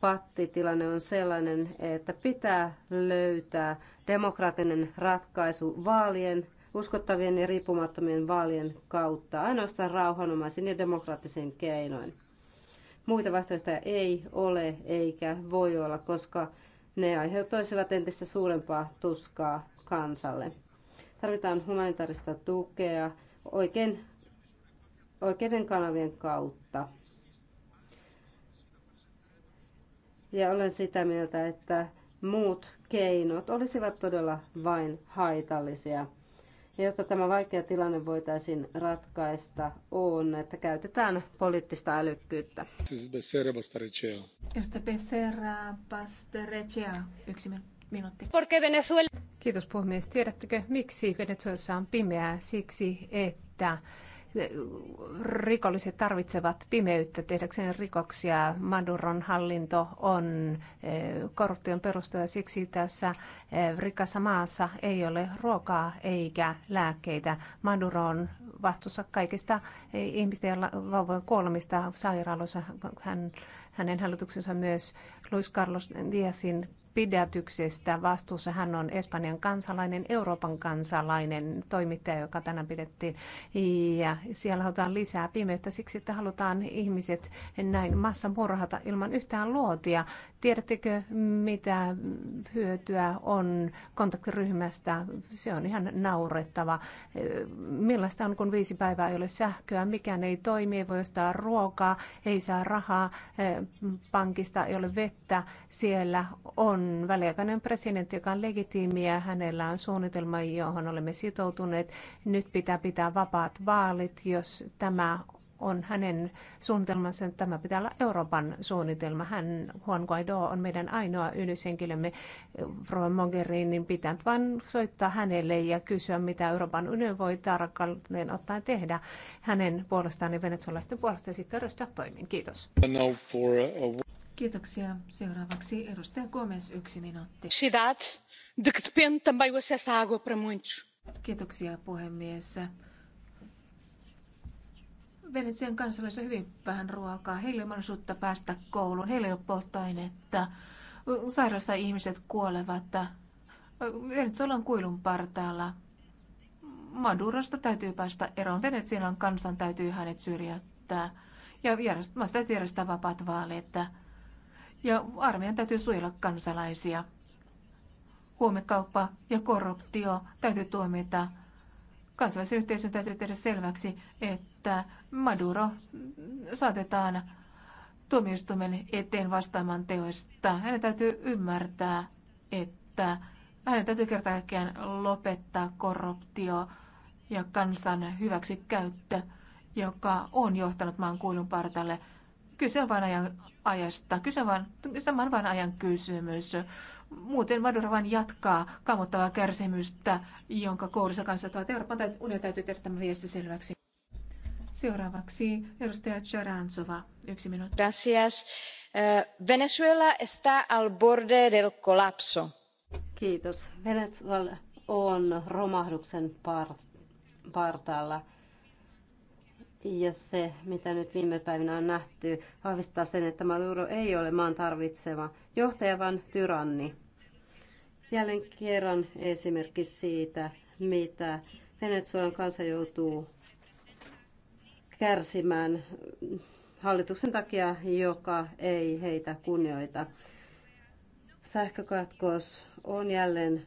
pattitilanne on sellainen, että pitää löytää demokraattinen ratkaisu vaalien, uskottavien ja riippumattomien vaalien kautta, ainoastaan rauhanomaisin ja demokraattisin keinoin. Muita vaihtoehtoja ei ole eikä voi olla, koska ne aiheuttaisivat entistä suurempaa tuskaa kansalle. Tarvitaan humanitaarista tukea oikein, oikeiden kanavien kautta. Ja olen sitä mieltä, että muut keinot olisivat todella vain haitallisia. Jotta tämä vaikea tilanne voitaisiin ratkaista, on, että käytetään poliittista älykkyyttä. yksi minuutti. Kiitos puhemies. Tiedättekö, miksi Venezuelassa on pimeää? Siksi, että rikolliset tarvitsevat pimeyttä tehdäkseen rikoksia. Maduron hallinto on eh, korruption perusta ja siksi tässä eh, rikassa maassa ei ole ruokaa eikä lääkkeitä. Maduro on vastuussa kaikista eh, ihmisten ja vauvojen kuolemista sairaaloissa. Hän, hänen hallituksensa myös Luis Carlos Diazin pidätyksestä. Vastuussa hän on Espanjan kansalainen, Euroopan kansalainen toimittaja, joka tänään pidettiin. Ja siellä halutaan lisää pimeyttä siksi, että halutaan ihmiset näin massamurhata ilman yhtään luotia. Tiedättekö, mitä hyötyä on kontaktiryhmästä? Se on ihan naurettava. Millaista on, kun viisi päivää ei ole sähköä, mikään ei toimi, ei voi ostaa ruokaa, ei saa rahaa, pankista ei ole vettä. Siellä on väliaikainen presidentti, joka on legitiimiä. Hänellä on suunnitelma, johon olemme sitoutuneet. Nyt pitää pitää vapaat vaalit, jos tämä on hänen suunnitelmansa, että tämä pitää olla Euroopan suunnitelma. Hän, Juan Guaido, on meidän ainoa yhdyshenkilömme. Rova niin pitää vain soittaa hänelle ja kysyä, mitä Euroopan unioni voi tarkalleen ottaen tehdä hänen puolestaan ja venezuelaisten puolesta ja sitten ryhtyä toimiin. Kiitos. Kiitoksia. Seuraavaksi edustaja Gomez, yksi minuutti. Kiitoksia puhemies. Venetsian kansalaisilla hyvin vähän ruokaa, heillä ei mahdollisuutta päästä kouluun, heillä ei ole polttoainetta, sairaassa ihmiset kuolevat, Venezuela on kuilun partaalla. Madurasta täytyy päästä eroon, Venetsian kansan täytyy hänet syrjäyttää ja maasta täytyy järjestää vapaat vaalit. Ja armeijan täytyy suojella kansalaisia. Huomekauppa ja korruptio täytyy tuomita Kansainvälisen yhteisön täytyy tehdä selväksi, että Maduro saatetaan tuomioistuimen eteen vastaamaan teoista. Hänen täytyy ymmärtää, että hänen täytyy kerta lopettaa korruptio ja kansan hyväksikäyttö, joka on johtanut maan kuilun partalle. Kyse on vain ajan ajasta, kyse on vain, on vain ajan kysymys. Muuten Maduro vain jatkaa kamottavaa kärsimystä, jonka kourissa kanssa ovat. Euroopan unionin täytyy tehdä tämä viesti selväksi. Seuraavaksi edustaja Charanzova, yksi minuutti. Gracias. Eh, Venezuela está al borde del colapso. Kiitos. Venezuela on romahduksen par- partaalla. Ja se, mitä nyt viime päivinä on nähty, vahvistaa sen, että Maduro ei ole maan tarvitseva johtaja, vaan tyranni jälleen kerran esimerkki siitä, mitä Venezuelan kansa joutuu kärsimään hallituksen takia, joka ei heitä kunnioita. Sähkökatkos on jälleen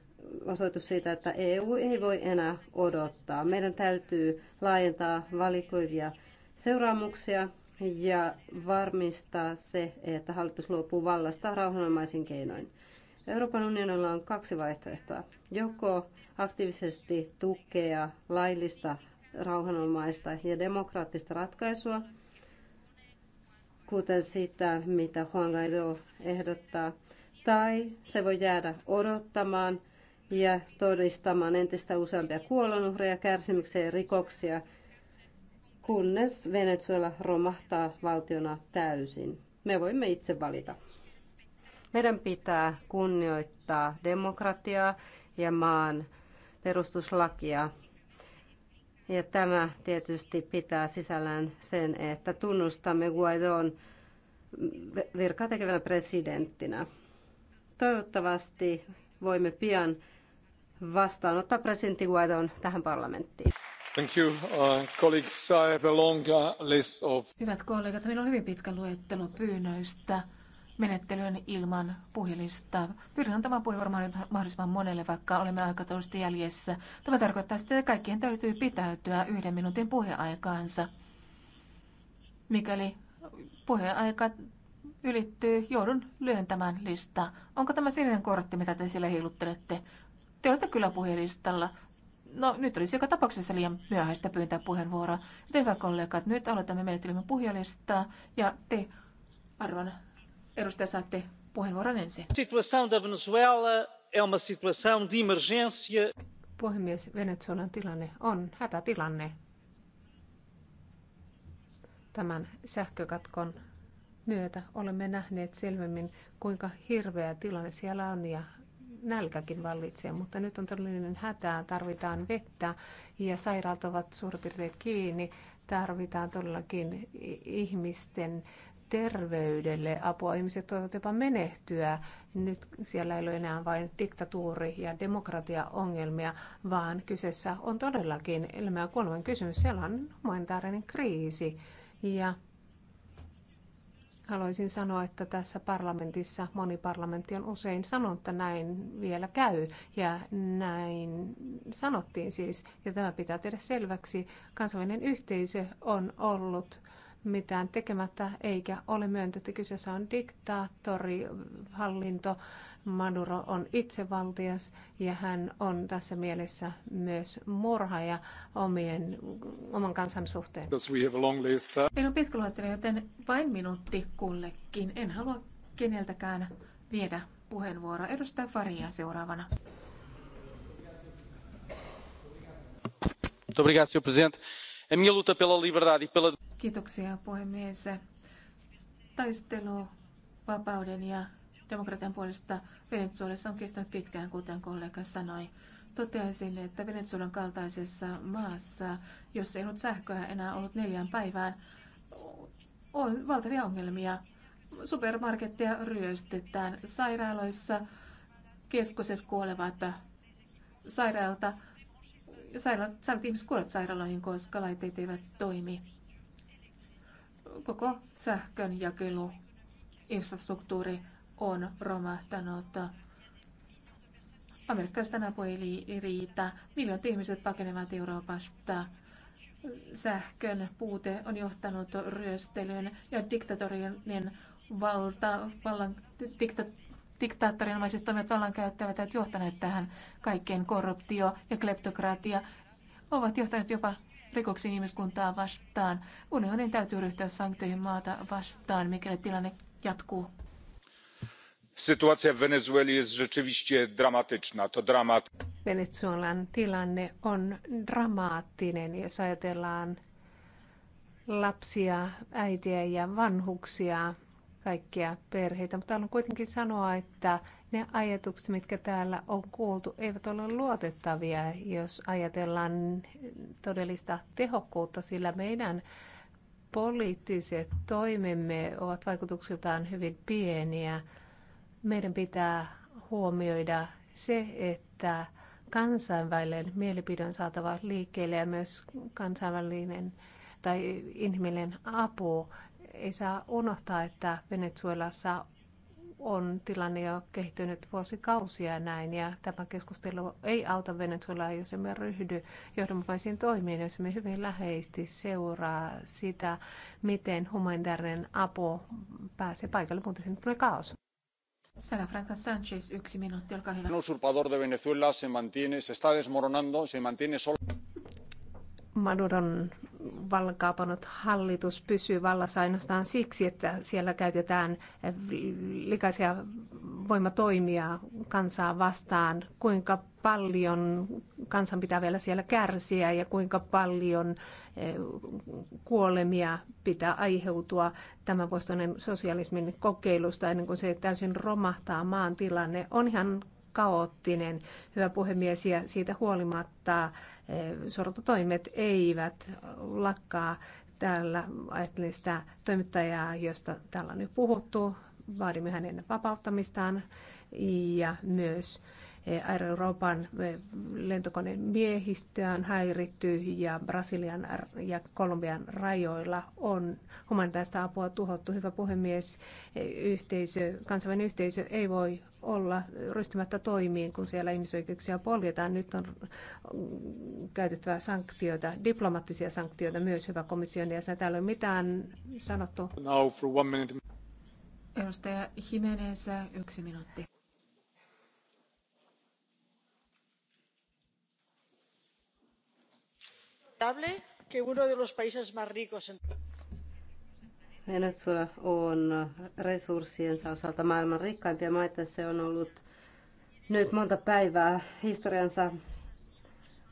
osoitus siitä, että EU ei voi enää odottaa. Meidän täytyy laajentaa valikoivia seuraamuksia ja varmistaa se, että hallitus luopuu vallasta rauhanomaisin keinoin. Euroopan unionilla on kaksi vaihtoehtoa. Joko aktiivisesti tukea laillista, rauhanomaista ja demokraattista ratkaisua, kuten sitä, mitä Juan Guaido ehdottaa, tai se voi jäädä odottamaan ja todistamaan entistä useampia kuolonuhreja, kärsimyksiä ja rikoksia, kunnes Venezuela romahtaa valtiona täysin. Me voimme itse valita. Meidän pitää kunnioittaa demokratiaa ja maan perustuslakia. Ja tämä tietysti pitää sisällään sen, että tunnustamme Guaidon virkatekevänä presidenttinä. Toivottavasti voimme pian vastaanottaa presidentti Guaidon tähän parlamenttiin. Thank you, uh, colleagues. I have a long list of... Hyvät kollegat, meillä on hyvin pitkä luettelo pyynnöistä menettelyyn ilman puhelista. Pyrin antamaan puheenvuoron mahdollisimman monelle, vaikka olemme aikataulusta jäljessä. Tämä tarkoittaa sitä, että kaikkien täytyy pitäytyä yhden minuutin puheaikaansa. Mikäli puheaika ylittyy, joudun lyöntämään listaa. Onko tämä sininen kortti, mitä te siellä heiluttelette? Te olette kyllä puhelistalla. No nyt olisi joka tapauksessa liian myöhäistä pyytää puheenvuoroa. Joten hyvä kollegat, nyt aloitamme menettelymme puhujalistaa ja te arvon Edustaja, saatte puheenvuoron ensin. Venezuela é uma situação Puhemies, Venezuelan tilanne on hätätilanne. Tämän sähkökatkon myötä olemme nähneet selvemmin, kuinka hirveä tilanne siellä on ja nälkäkin vallitsee, mutta nyt on todellinen hätää, tarvitaan vettä ja sairaalat ovat suurin piirtein kiinni, tarvitaan todellakin ihmisten terveydelle apua. Ihmiset voivat jopa menehtyä. Nyt siellä ei ole enää vain diktatuuri- ja demokratiaongelmia, vaan kyseessä on todellakin elämä ja kuoleman kysymys. Siellä on humanitaarinen kriisi. Ja haluaisin sanoa, että tässä parlamentissa moni parlamentti on usein sanonut, että näin vielä käy. Ja näin sanottiin siis, ja tämä pitää tehdä selväksi. Kansainvälinen yhteisö on ollut mitään tekemättä, eikä ole myöntetty. Kyseessä on diktaattori, hallinto. Maduro on itsevaltias ja hän on tässä mielessä myös murhaaja omien, oman kansan suhteen. Meillä on pitkä luettelo, joten vain minuutti kullekin. En halua keneltäkään viedä puheenvuoroa. Edustaja Faria seuraavana. Muito obrigado, senhor presidente. E Kiitoksia puhemies. Taistelu vapauden ja demokratian puolesta Venezuelassa on kestänyt pitkään, kuten kollega sanoi. Toteaisin, että Venezuelan kaltaisessa maassa, jossa ei ollut sähköä enää ollut neljään päivään, on valtavia ongelmia. Supermarketteja ryöstetään sairaaloissa, keskuset kuolevat sairaalta sairaala, sairaat ihmiset kuolevat sairaaloihin, koska laitteet eivät toimi. Koko sähkön jakelu, infrastruktuuri on romahtanut. Amerikkalaisten apu ei riitä. Miljoonat ihmiset pakenevat Euroopasta. Sähkön puute on johtanut ryöstelyyn ja diktatorinen valta, vallan, dikta, diktaattorinomaiset toimet vallankäyttävät ovat johtaneet tähän kaikkeen korruptio ja kleptokratia ovat johtaneet jopa rikoksiin ihmiskuntaa vastaan. Unionin täytyy ryhtyä sanktioihin maata vastaan, mikäli tilanne jatkuu. Sytuacja Venezuela on rzeczywiście dramatyczna. To dramat. Venezuelan tilanne on dramaattinen, jos ajatellaan lapsia, äitiä ja vanhuksia kaikkia perheitä, mutta haluan kuitenkin sanoa, että ne ajatukset, mitkä täällä on kuultu, eivät ole luotettavia, jos ajatellaan todellista tehokkuutta, sillä meidän poliittiset toimemme ovat vaikutuksiltaan hyvin pieniä. Meidän pitää huomioida se, että kansainvälinen mielipide on saatava liikkeelle ja myös kansainvälinen tai inhimillinen apu ei saa unohtaa, että Venezuelassa on tilanne jo kehittynyt vuosikausia näin ja tämä keskustelu ei auta Venezuelaa, jos emme ryhdy johdonmukaisiin toimiin, jos emme hyvin läheisesti seuraa sitä, miten humanitaarinen apu pääsee paikalle, muuten sinne tulee kaos. Sara Franca Sanchez, yksi minuutti, olkaa hyvä. usurpador de Venezuela se mantiene, se está desmoronando, se mantiene solo. Maduron valkaapanut hallitus pysyy vallassa ainoastaan siksi, että siellä käytetään likaisia voimatoimia kansaa vastaan, kuinka paljon kansan pitää vielä siellä kärsiä ja kuinka paljon eh, kuolemia pitää aiheutua tämän vuosittainen sosialismin kokeilusta ennen kuin se täysin romahtaa maan tilanne. On ihan kaoottinen, hyvä puhemies, ja siitä huolimatta eh, sortotoimet eivät lakkaa. Täällä ajattelin sitä toimittajaa, josta täällä on nyt puhuttu. Vaadimme hänen vapauttamistaan ja myös eh, Air Euroopan eh, lentokoneen miehistöä on häiritty ja Brasilian ja Kolumbian rajoilla on humanitaista apua tuhottu. Hyvä puhemies, yhteisö, kansainvälinen yhteisö ei voi olla ryhtymättä toimiin, kun siellä ihmisoikeuksia poljetaan. Nyt on käytettävä sanktioita, diplomaattisia sanktioita myös, hyvä komission jäsen. Täällä ei ole mitään sanottu. Now for one minute. Edustaja Jimenez, yksi minuutti. que uno de los países más ricos en Venezuela on resurssiensa osalta maailman rikkaimpia maita. Se on ollut nyt monta päivää historiansa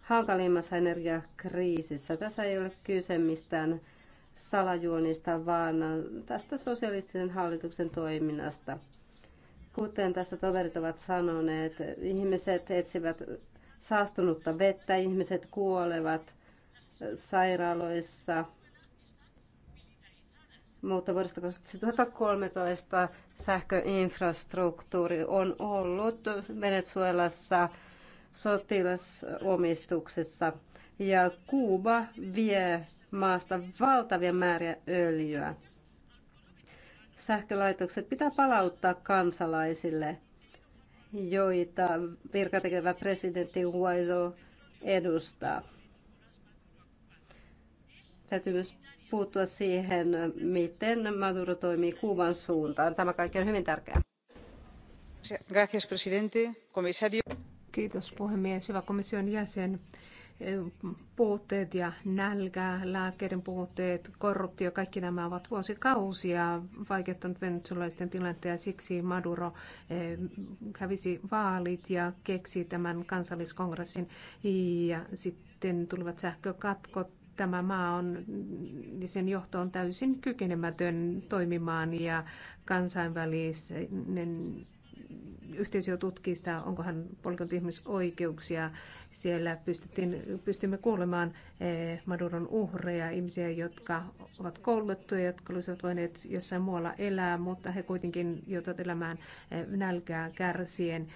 hankalimmassa energiakriisissä. Tässä ei ole kyse mistään salajuonista, vaan tästä sosialistisen hallituksen toiminnasta. Kuten tässä toverit ovat sanoneet, ihmiset etsivät saastunutta vettä, ihmiset kuolevat sairaaloissa – mutta vuodesta 2013 sähköinfrastruktuuri on ollut Venezuelassa sotilasomistuksessa ja Kuuba vie maasta valtavia määriä öljyä. Sähkölaitokset pitää palauttaa kansalaisille, joita virkatekevä presidentti Guaido edustaa. Täytyy myös puuttua siihen, miten Maduro toimii Kuuban suuntaan. Tämä kaikki on hyvin tärkeää. Gracias, presidente. Komisario. Kiitos puhemies. Hyvä komission jäsen puutteet ja nälkä, lääkkeiden puutteet, korruptio, kaikki nämä ovat vuosikausia vaikeuttaneet venezuelaisten tilanteen ja siksi Maduro kävisi eh, vaalit ja keksi tämän kansalliskongressin ja sitten tulivat sähkökatkot tämä maa on, niin sen johto on täysin kykenemätön toimimaan ja kansainvälinen yhteisö jo tutkii sitä, onko hän polkenut ihmisoikeuksia. Siellä pystyttiin, pystymme kuulemaan eh, Maduron uhreja, ihmisiä, jotka ovat koulutettuja, jotka olisivat voineet jossain muualla elää, mutta he kuitenkin joutuvat elämään eh, nälkää kärsien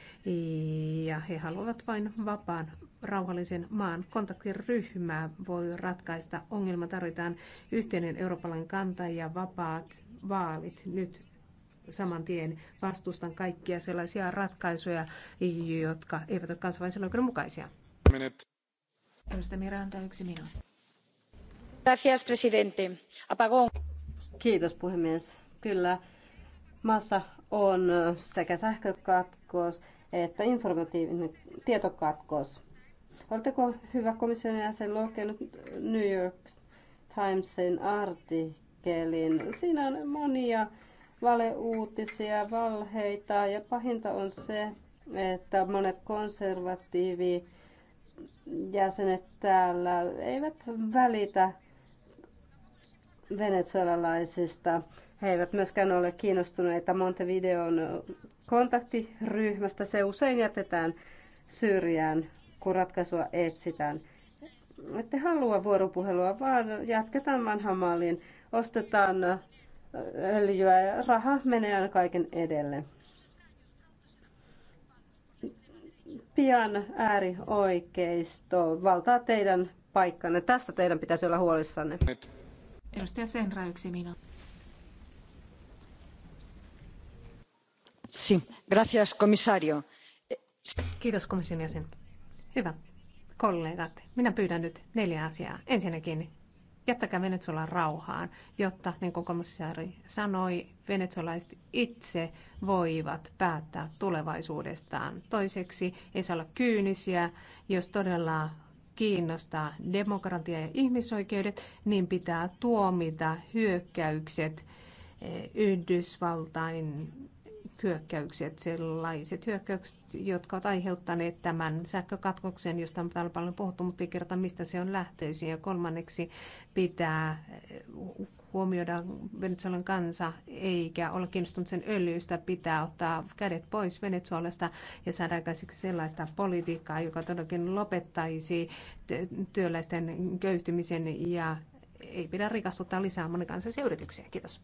ja he haluavat vain vapaan rauhallisen maan kontaktiryhmää voi ratkaista. Ongelma tarvitaan yhteinen eurooppalainen kanta ja vapaat vaalit nyt saman tien. Vastustan kaikkia sellaisia ratkaisuja, jotka eivät ole kansainvälisen oikeuden mukaisia. Edustaja Miranda, yksi minuutti. Gracias, presidente. Apagón. Kiitos puhemies. Kyllä, maassa on sekä sähkökatkos että informatiivinen tietokatkos. Oletteko hyvä komission jäsen lukenut New York Timesin artikkelin? Siinä on monia valeuutisia, valheita ja pahinta on se, että monet konservatiivi jäsenet täällä eivät välitä venezuelalaisista. He eivät myöskään ole kiinnostuneita Montevideon kontaktiryhmästä. Se usein jätetään syrjään kun ratkaisua etsitään. Ette halua vuoropuhelua, vaan jatketaan vanhan malliin. Ostetaan öljyä ja raha menee aina kaiken edelle. Pian äärioikeisto valtaa teidän paikkanne. Tästä teidän pitäisi olla huolissanne. Edustaja Senra, yksi minuutti. Sí, gracias, komissario. Kiitos komission jäsen Hyvä. Kollegat, minä pyydän nyt neljä asiaa. Ensinnäkin jättäkää Venezuela rauhaan, jotta, niin kuin komissaari sanoi, venezuelaiset itse voivat päättää tulevaisuudestaan. Toiseksi ei saa olla kyynisiä, jos todella kiinnostaa demokratia ja ihmisoikeudet, niin pitää tuomita hyökkäykset eh, Yhdysvaltain hyökkäykset, sellaiset hyökkäykset, jotka ovat aiheuttaneet tämän sähkökatkoksen, josta on täällä paljon puhuttu, mutta ei kerrota, mistä se on lähtöisin. Ja kolmanneksi pitää huomioida Venezuelan kansa, eikä olla kiinnostunut sen öljystä, pitää ottaa kädet pois Venezuelasta ja saada aikaiseksi sellaista politiikkaa, joka todellakin lopettaisi työläisten köyhtymisen ja ei pidä rikastuttaa lisää monikansaisia yrityksiä. Kiitos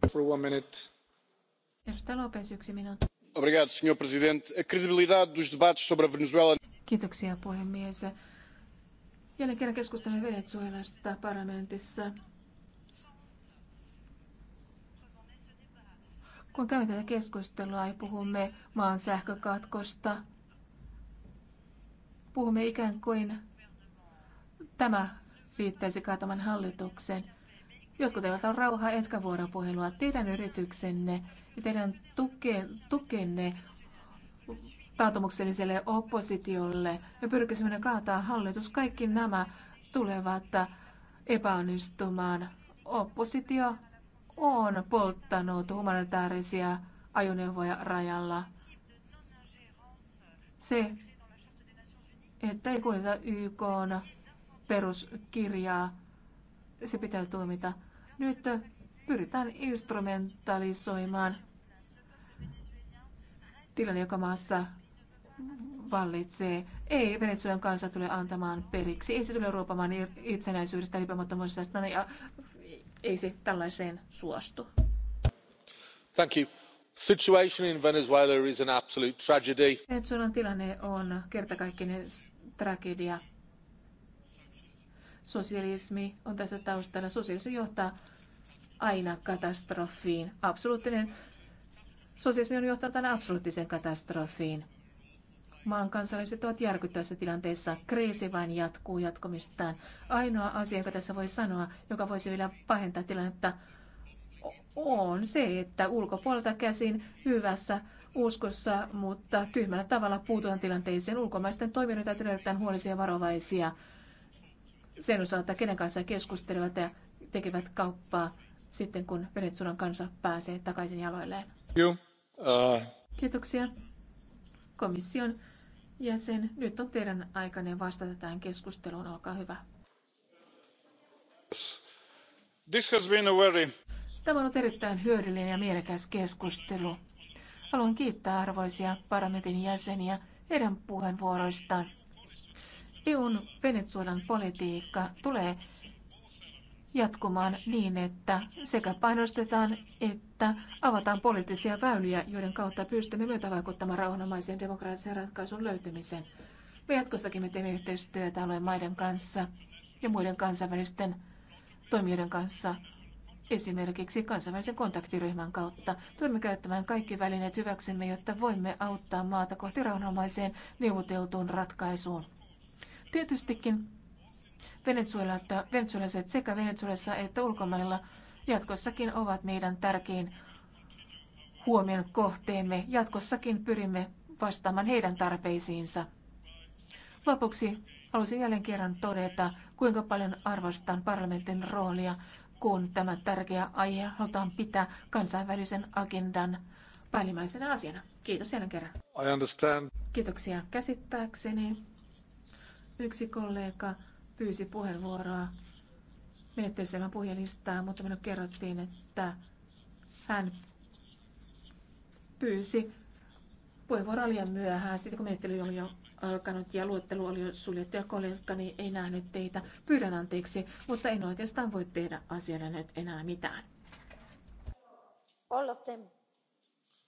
arvoisa puhemies. Jälleen kerran keskustelemme Venezuelasta parlamentissa. Kun käymme tätä keskustelua ja puhumme maan sähkökatkosta, puhumme ikään kuin tämä viittaisi kaataman hallituksen. Jotkut eivät ole rauhaa etkä vuoropuhelua. Teidän yrityksenne ja teidän tuke, tukenne taatumukselliselle oppositiolle ja pyrkisimme kaataa hallitus, kaikki nämä tulevat epäonnistumaan. Oppositio on polttanut humanitaarisia ajoneuvoja rajalla. Se, että ei kuulita YK peruskirjaa, se pitää tuomita. Nyt pyritään instrumentalisoimaan tilanne, joka maassa vallitsee. Ei Venezuelan kansa tule antamaan periksi. Ei se tule ruopamaan itsenäisyydestä riippumattomuudesta no niin, ja ei se tällaiseen suostu. Thank you. Situation in Venezuela is an absolute tragedy. Venezuelan tilanne on kertakaikkinen tragedia. Sosialismi on tässä taustalla. Sosialismi johtaa aina katastrofiin. Absoluuttinen sosialismi on johtanut aina absoluuttiseen katastrofiin. Maan kansalaiset ovat järkyttävässä tilanteessa. Kriisi vain jatkuu jatkumistaan. Ainoa asia, joka tässä voi sanoa, joka voisi vielä pahentaa tilannetta, on se, että ulkopuolelta käsin hyvässä uskossa, mutta tyhmällä tavalla puututaan tilanteeseen. Ulkomaisten toimijoiden täytyy olla erittäin huolisia ja varovaisia sen osalta, kenen kanssa keskustelevat ja tekevät kauppaa sitten, kun Venezuelan kansa pääsee takaisin jaloilleen. Joo. Uh... Kiitoksia komission jäsen. Nyt on teidän aikanne vastata tähän keskusteluun. Olkaa hyvä. This has been a very... Tämä on ollut erittäin hyödyllinen ja mielekäs keskustelu. Haluan kiittää arvoisia parlamentin jäseniä heidän puheenvuoroistaan. EUn Venezuelan politiikka tulee jatkumaan niin, että sekä painostetaan että avataan poliittisia väyliä, joiden kautta pystymme myötävaikuttamaan rauhanomaisen demokraattisen ratkaisun löytymiseen. Me jatkossakin me teemme yhteistyötä alueen maiden kanssa ja muiden kansainvälisten toimijoiden kanssa, esimerkiksi kansainvälisen kontaktiryhmän kautta. Tulemme käyttämään kaikki välineet hyväksemme, jotta voimme auttaa maata kohti rauhanomaiseen neuvoteltuun ratkaisuun. Tietystikin venezuelaiset sekä Venezuelassa että ulkomailla jatkossakin ovat meidän tärkein huomion kohteemme. Jatkossakin pyrimme vastaamaan heidän tarpeisiinsa. Lopuksi haluaisin jälleen kerran todeta, kuinka paljon arvostan parlamentin roolia, kun tämä tärkeä aihe halutaan pitää kansainvälisen agendan päällimmäisenä asiana. Kiitos jälleen kerran. I understand. Kiitoksia käsittääkseni. Yksi kollega pyysi puheenvuoroa menettelyselmän puhujalistaa, mutta minulle kerrottiin, että hän pyysi puheenvuoroa liian myöhään, sitten kun menettely oli jo alkanut ja luettelu oli jo suljettu ja kollegani ei nähnyt teitä. Pyydän anteeksi, mutta en oikeastaan voi tehdä asialle nyt enää mitään. All of them.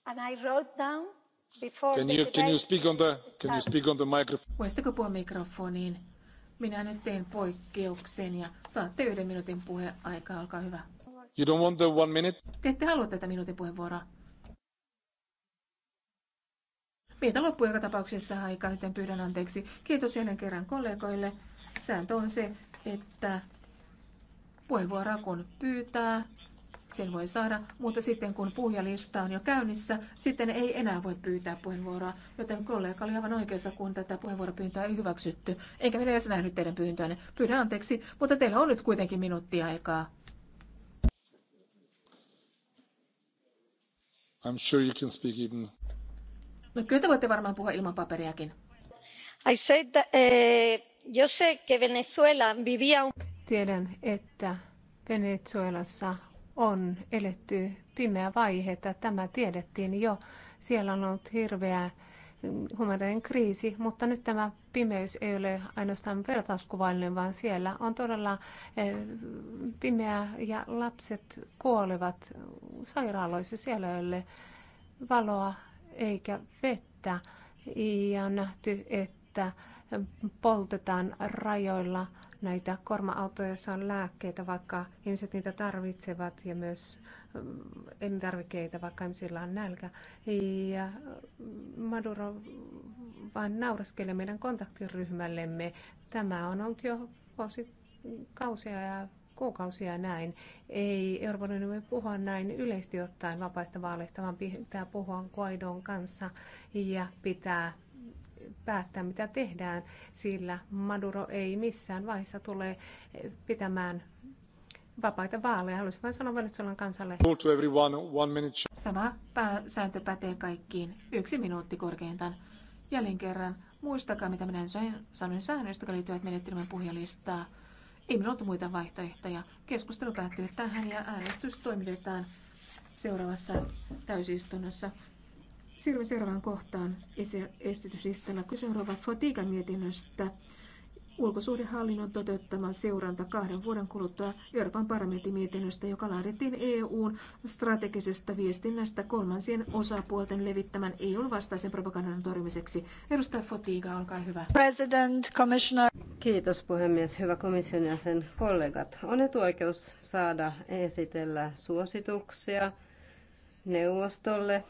And I wrote down Voisitteko puhua mikrofoniin? Minä nyt teen poikkeuksen ja saatte yhden minuutin puheaikaa, olkaa hyvä. You don't want the one minute? Te ette halua tätä minuutin puheenvuoroa. Meitä loppuu joka tapauksessa aika, joten pyydän anteeksi. Kiitos jälleen kerran kollegoille. Sääntö on se, että puheenvuoroa kun pyytää, sen voi saada, mutta sitten kun puhujalista on jo käynnissä, sitten ei enää voi pyytää puheenvuoroa, joten kollega oli aivan oikeassa, kun tätä puheenvuoropyyntöä ei hyväksytty, Enkä minä edes nähnyt teidän pyyntöänne. Pyydän anteeksi, mutta teillä on nyt kuitenkin minuuttia aikaa. I'm sure you can speak even. No, kyllä te voitte varmaan puhua ilman paperiakin. I said that, eh, yo sé que Venezuela vivía un... Tiedän, että Venezuelassa on eletty pimeä vaihe, että tämä tiedettiin jo. Siellä on ollut hirveä mm, humanitaarinen kriisi, mutta nyt tämä pimeys ei ole ainoastaan vertauskuvallinen, vaan siellä on todella eh, pimeää ja lapset kuolevat sairaaloissa. Siellä ei ole valoa eikä vettä ja on nähty, että poltetaan rajoilla näitä korma-autoja, joissa on lääkkeitä, vaikka ihmiset niitä tarvitsevat ja myös mm, elintarvikeita, vaikka ihmisillä on nälkä. Ja mm, Maduro vain nauraskelee meidän kontaktiryhmällemme. Tämä on ollut jo vuosikausia ja kuukausia näin. Ei Euroopan unioni puhua näin yleisesti ottaen vapaista vaaleista, vaan pitää puhua Guaidon kanssa ja pitää päättää, mitä tehdään, sillä Maduro ei missään vaiheessa tule pitämään vapaita vaaleja. Haluaisin vain sanoa Venezuelan kansalle. Sama sääntö pätee kaikkiin. Yksi minuutti korkeintaan. Jälleen kerran, muistakaa mitä minä sanoin, sanoin säännöistä, jotka liittyvät menettelymän puhjalistaa. Ei minulla ole muita vaihtoehtoja. Keskustelu päättyy tähän ja äänestys toimitetaan seuraavassa täysistunnossa. Siirrymme seuraavaan kohtaan esityslistalla. Kyse on Fatigan mietinnöstä. Ulkosuhdehallinnon toteuttama seuranta kahden vuoden kuluttua Euroopan parlamentin mietinnöstä, joka laadittiin EUn strategisesta viestinnästä kolmansien osapuolten levittämän EUn vastaisen propagandan torjumiseksi. Edustaja Fotiga, olkaa hyvä. President, Commissioner. Kiitos puhemies, hyvä komission jäsen kollegat. On etuoikeus saada esitellä suosituksia neuvostolle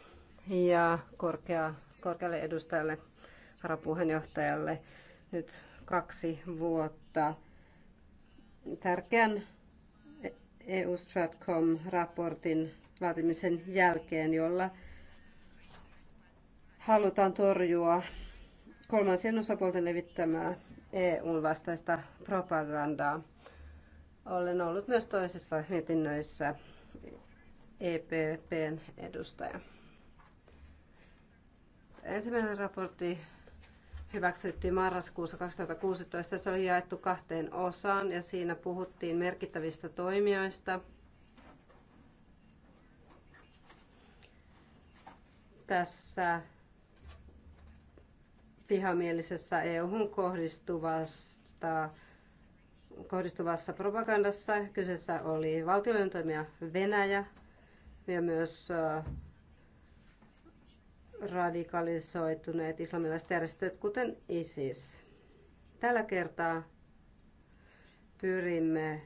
ja korkea, korkealle edustajalle, varapuheenjohtajalle nyt kaksi vuotta tärkeän EU-Stratcom-raportin laatimisen jälkeen, jolla halutaan torjua kolmansien osapuolten levittämää eu vastaista propagandaa. Olen ollut myös toisessa mietinnöissä EPPn edustaja. Ensimmäinen raportti hyväksyttiin marraskuussa 2016. Se oli jaettu kahteen osaan ja siinä puhuttiin merkittävistä toimijoista. Tässä vihamielisessä EU-hun kohdistuvasta, kohdistuvassa propagandassa kyseessä oli valtiollinen toimija Venäjä ja myös radikalisoituneet islamilaiset järjestöt, kuten ISIS. Tällä kertaa pyrimme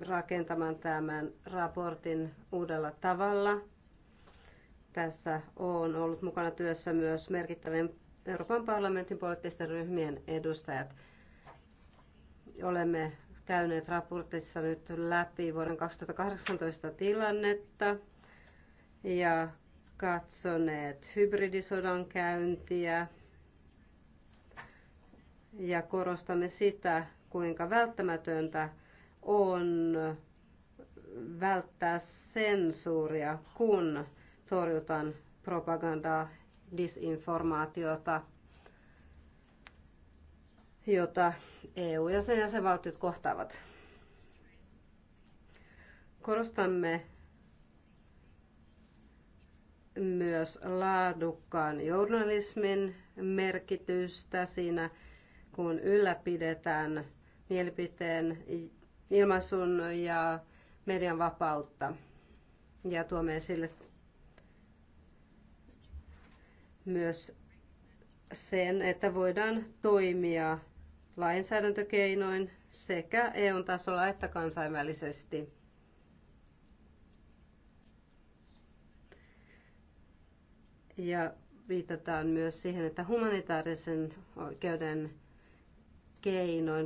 rakentamaan tämän raportin uudella tavalla. Tässä on ollut mukana työssä myös merkittävien Euroopan parlamentin poliittisten ryhmien edustajat. Olemme käyneet raportissa nyt läpi vuoden 2018 tilannetta ja katsoneet hybridisodankäyntiä käyntiä ja korostamme sitä, kuinka välttämätöntä on välttää sensuuria, kun torjutaan propagandaa, disinformaatiota, jota EU ja sen jäsenvaltiot kohtaavat. Korostamme myös laadukkaan journalismin merkitystä siinä, kun ylläpidetään mielipiteen, ilmaisun ja median vapautta. Ja tuomme esille myös sen, että voidaan toimia lainsäädäntökeinoin sekä EU-tasolla että kansainvälisesti. Ja viitataan myös siihen, että humanitaarisen oikeuden keinoin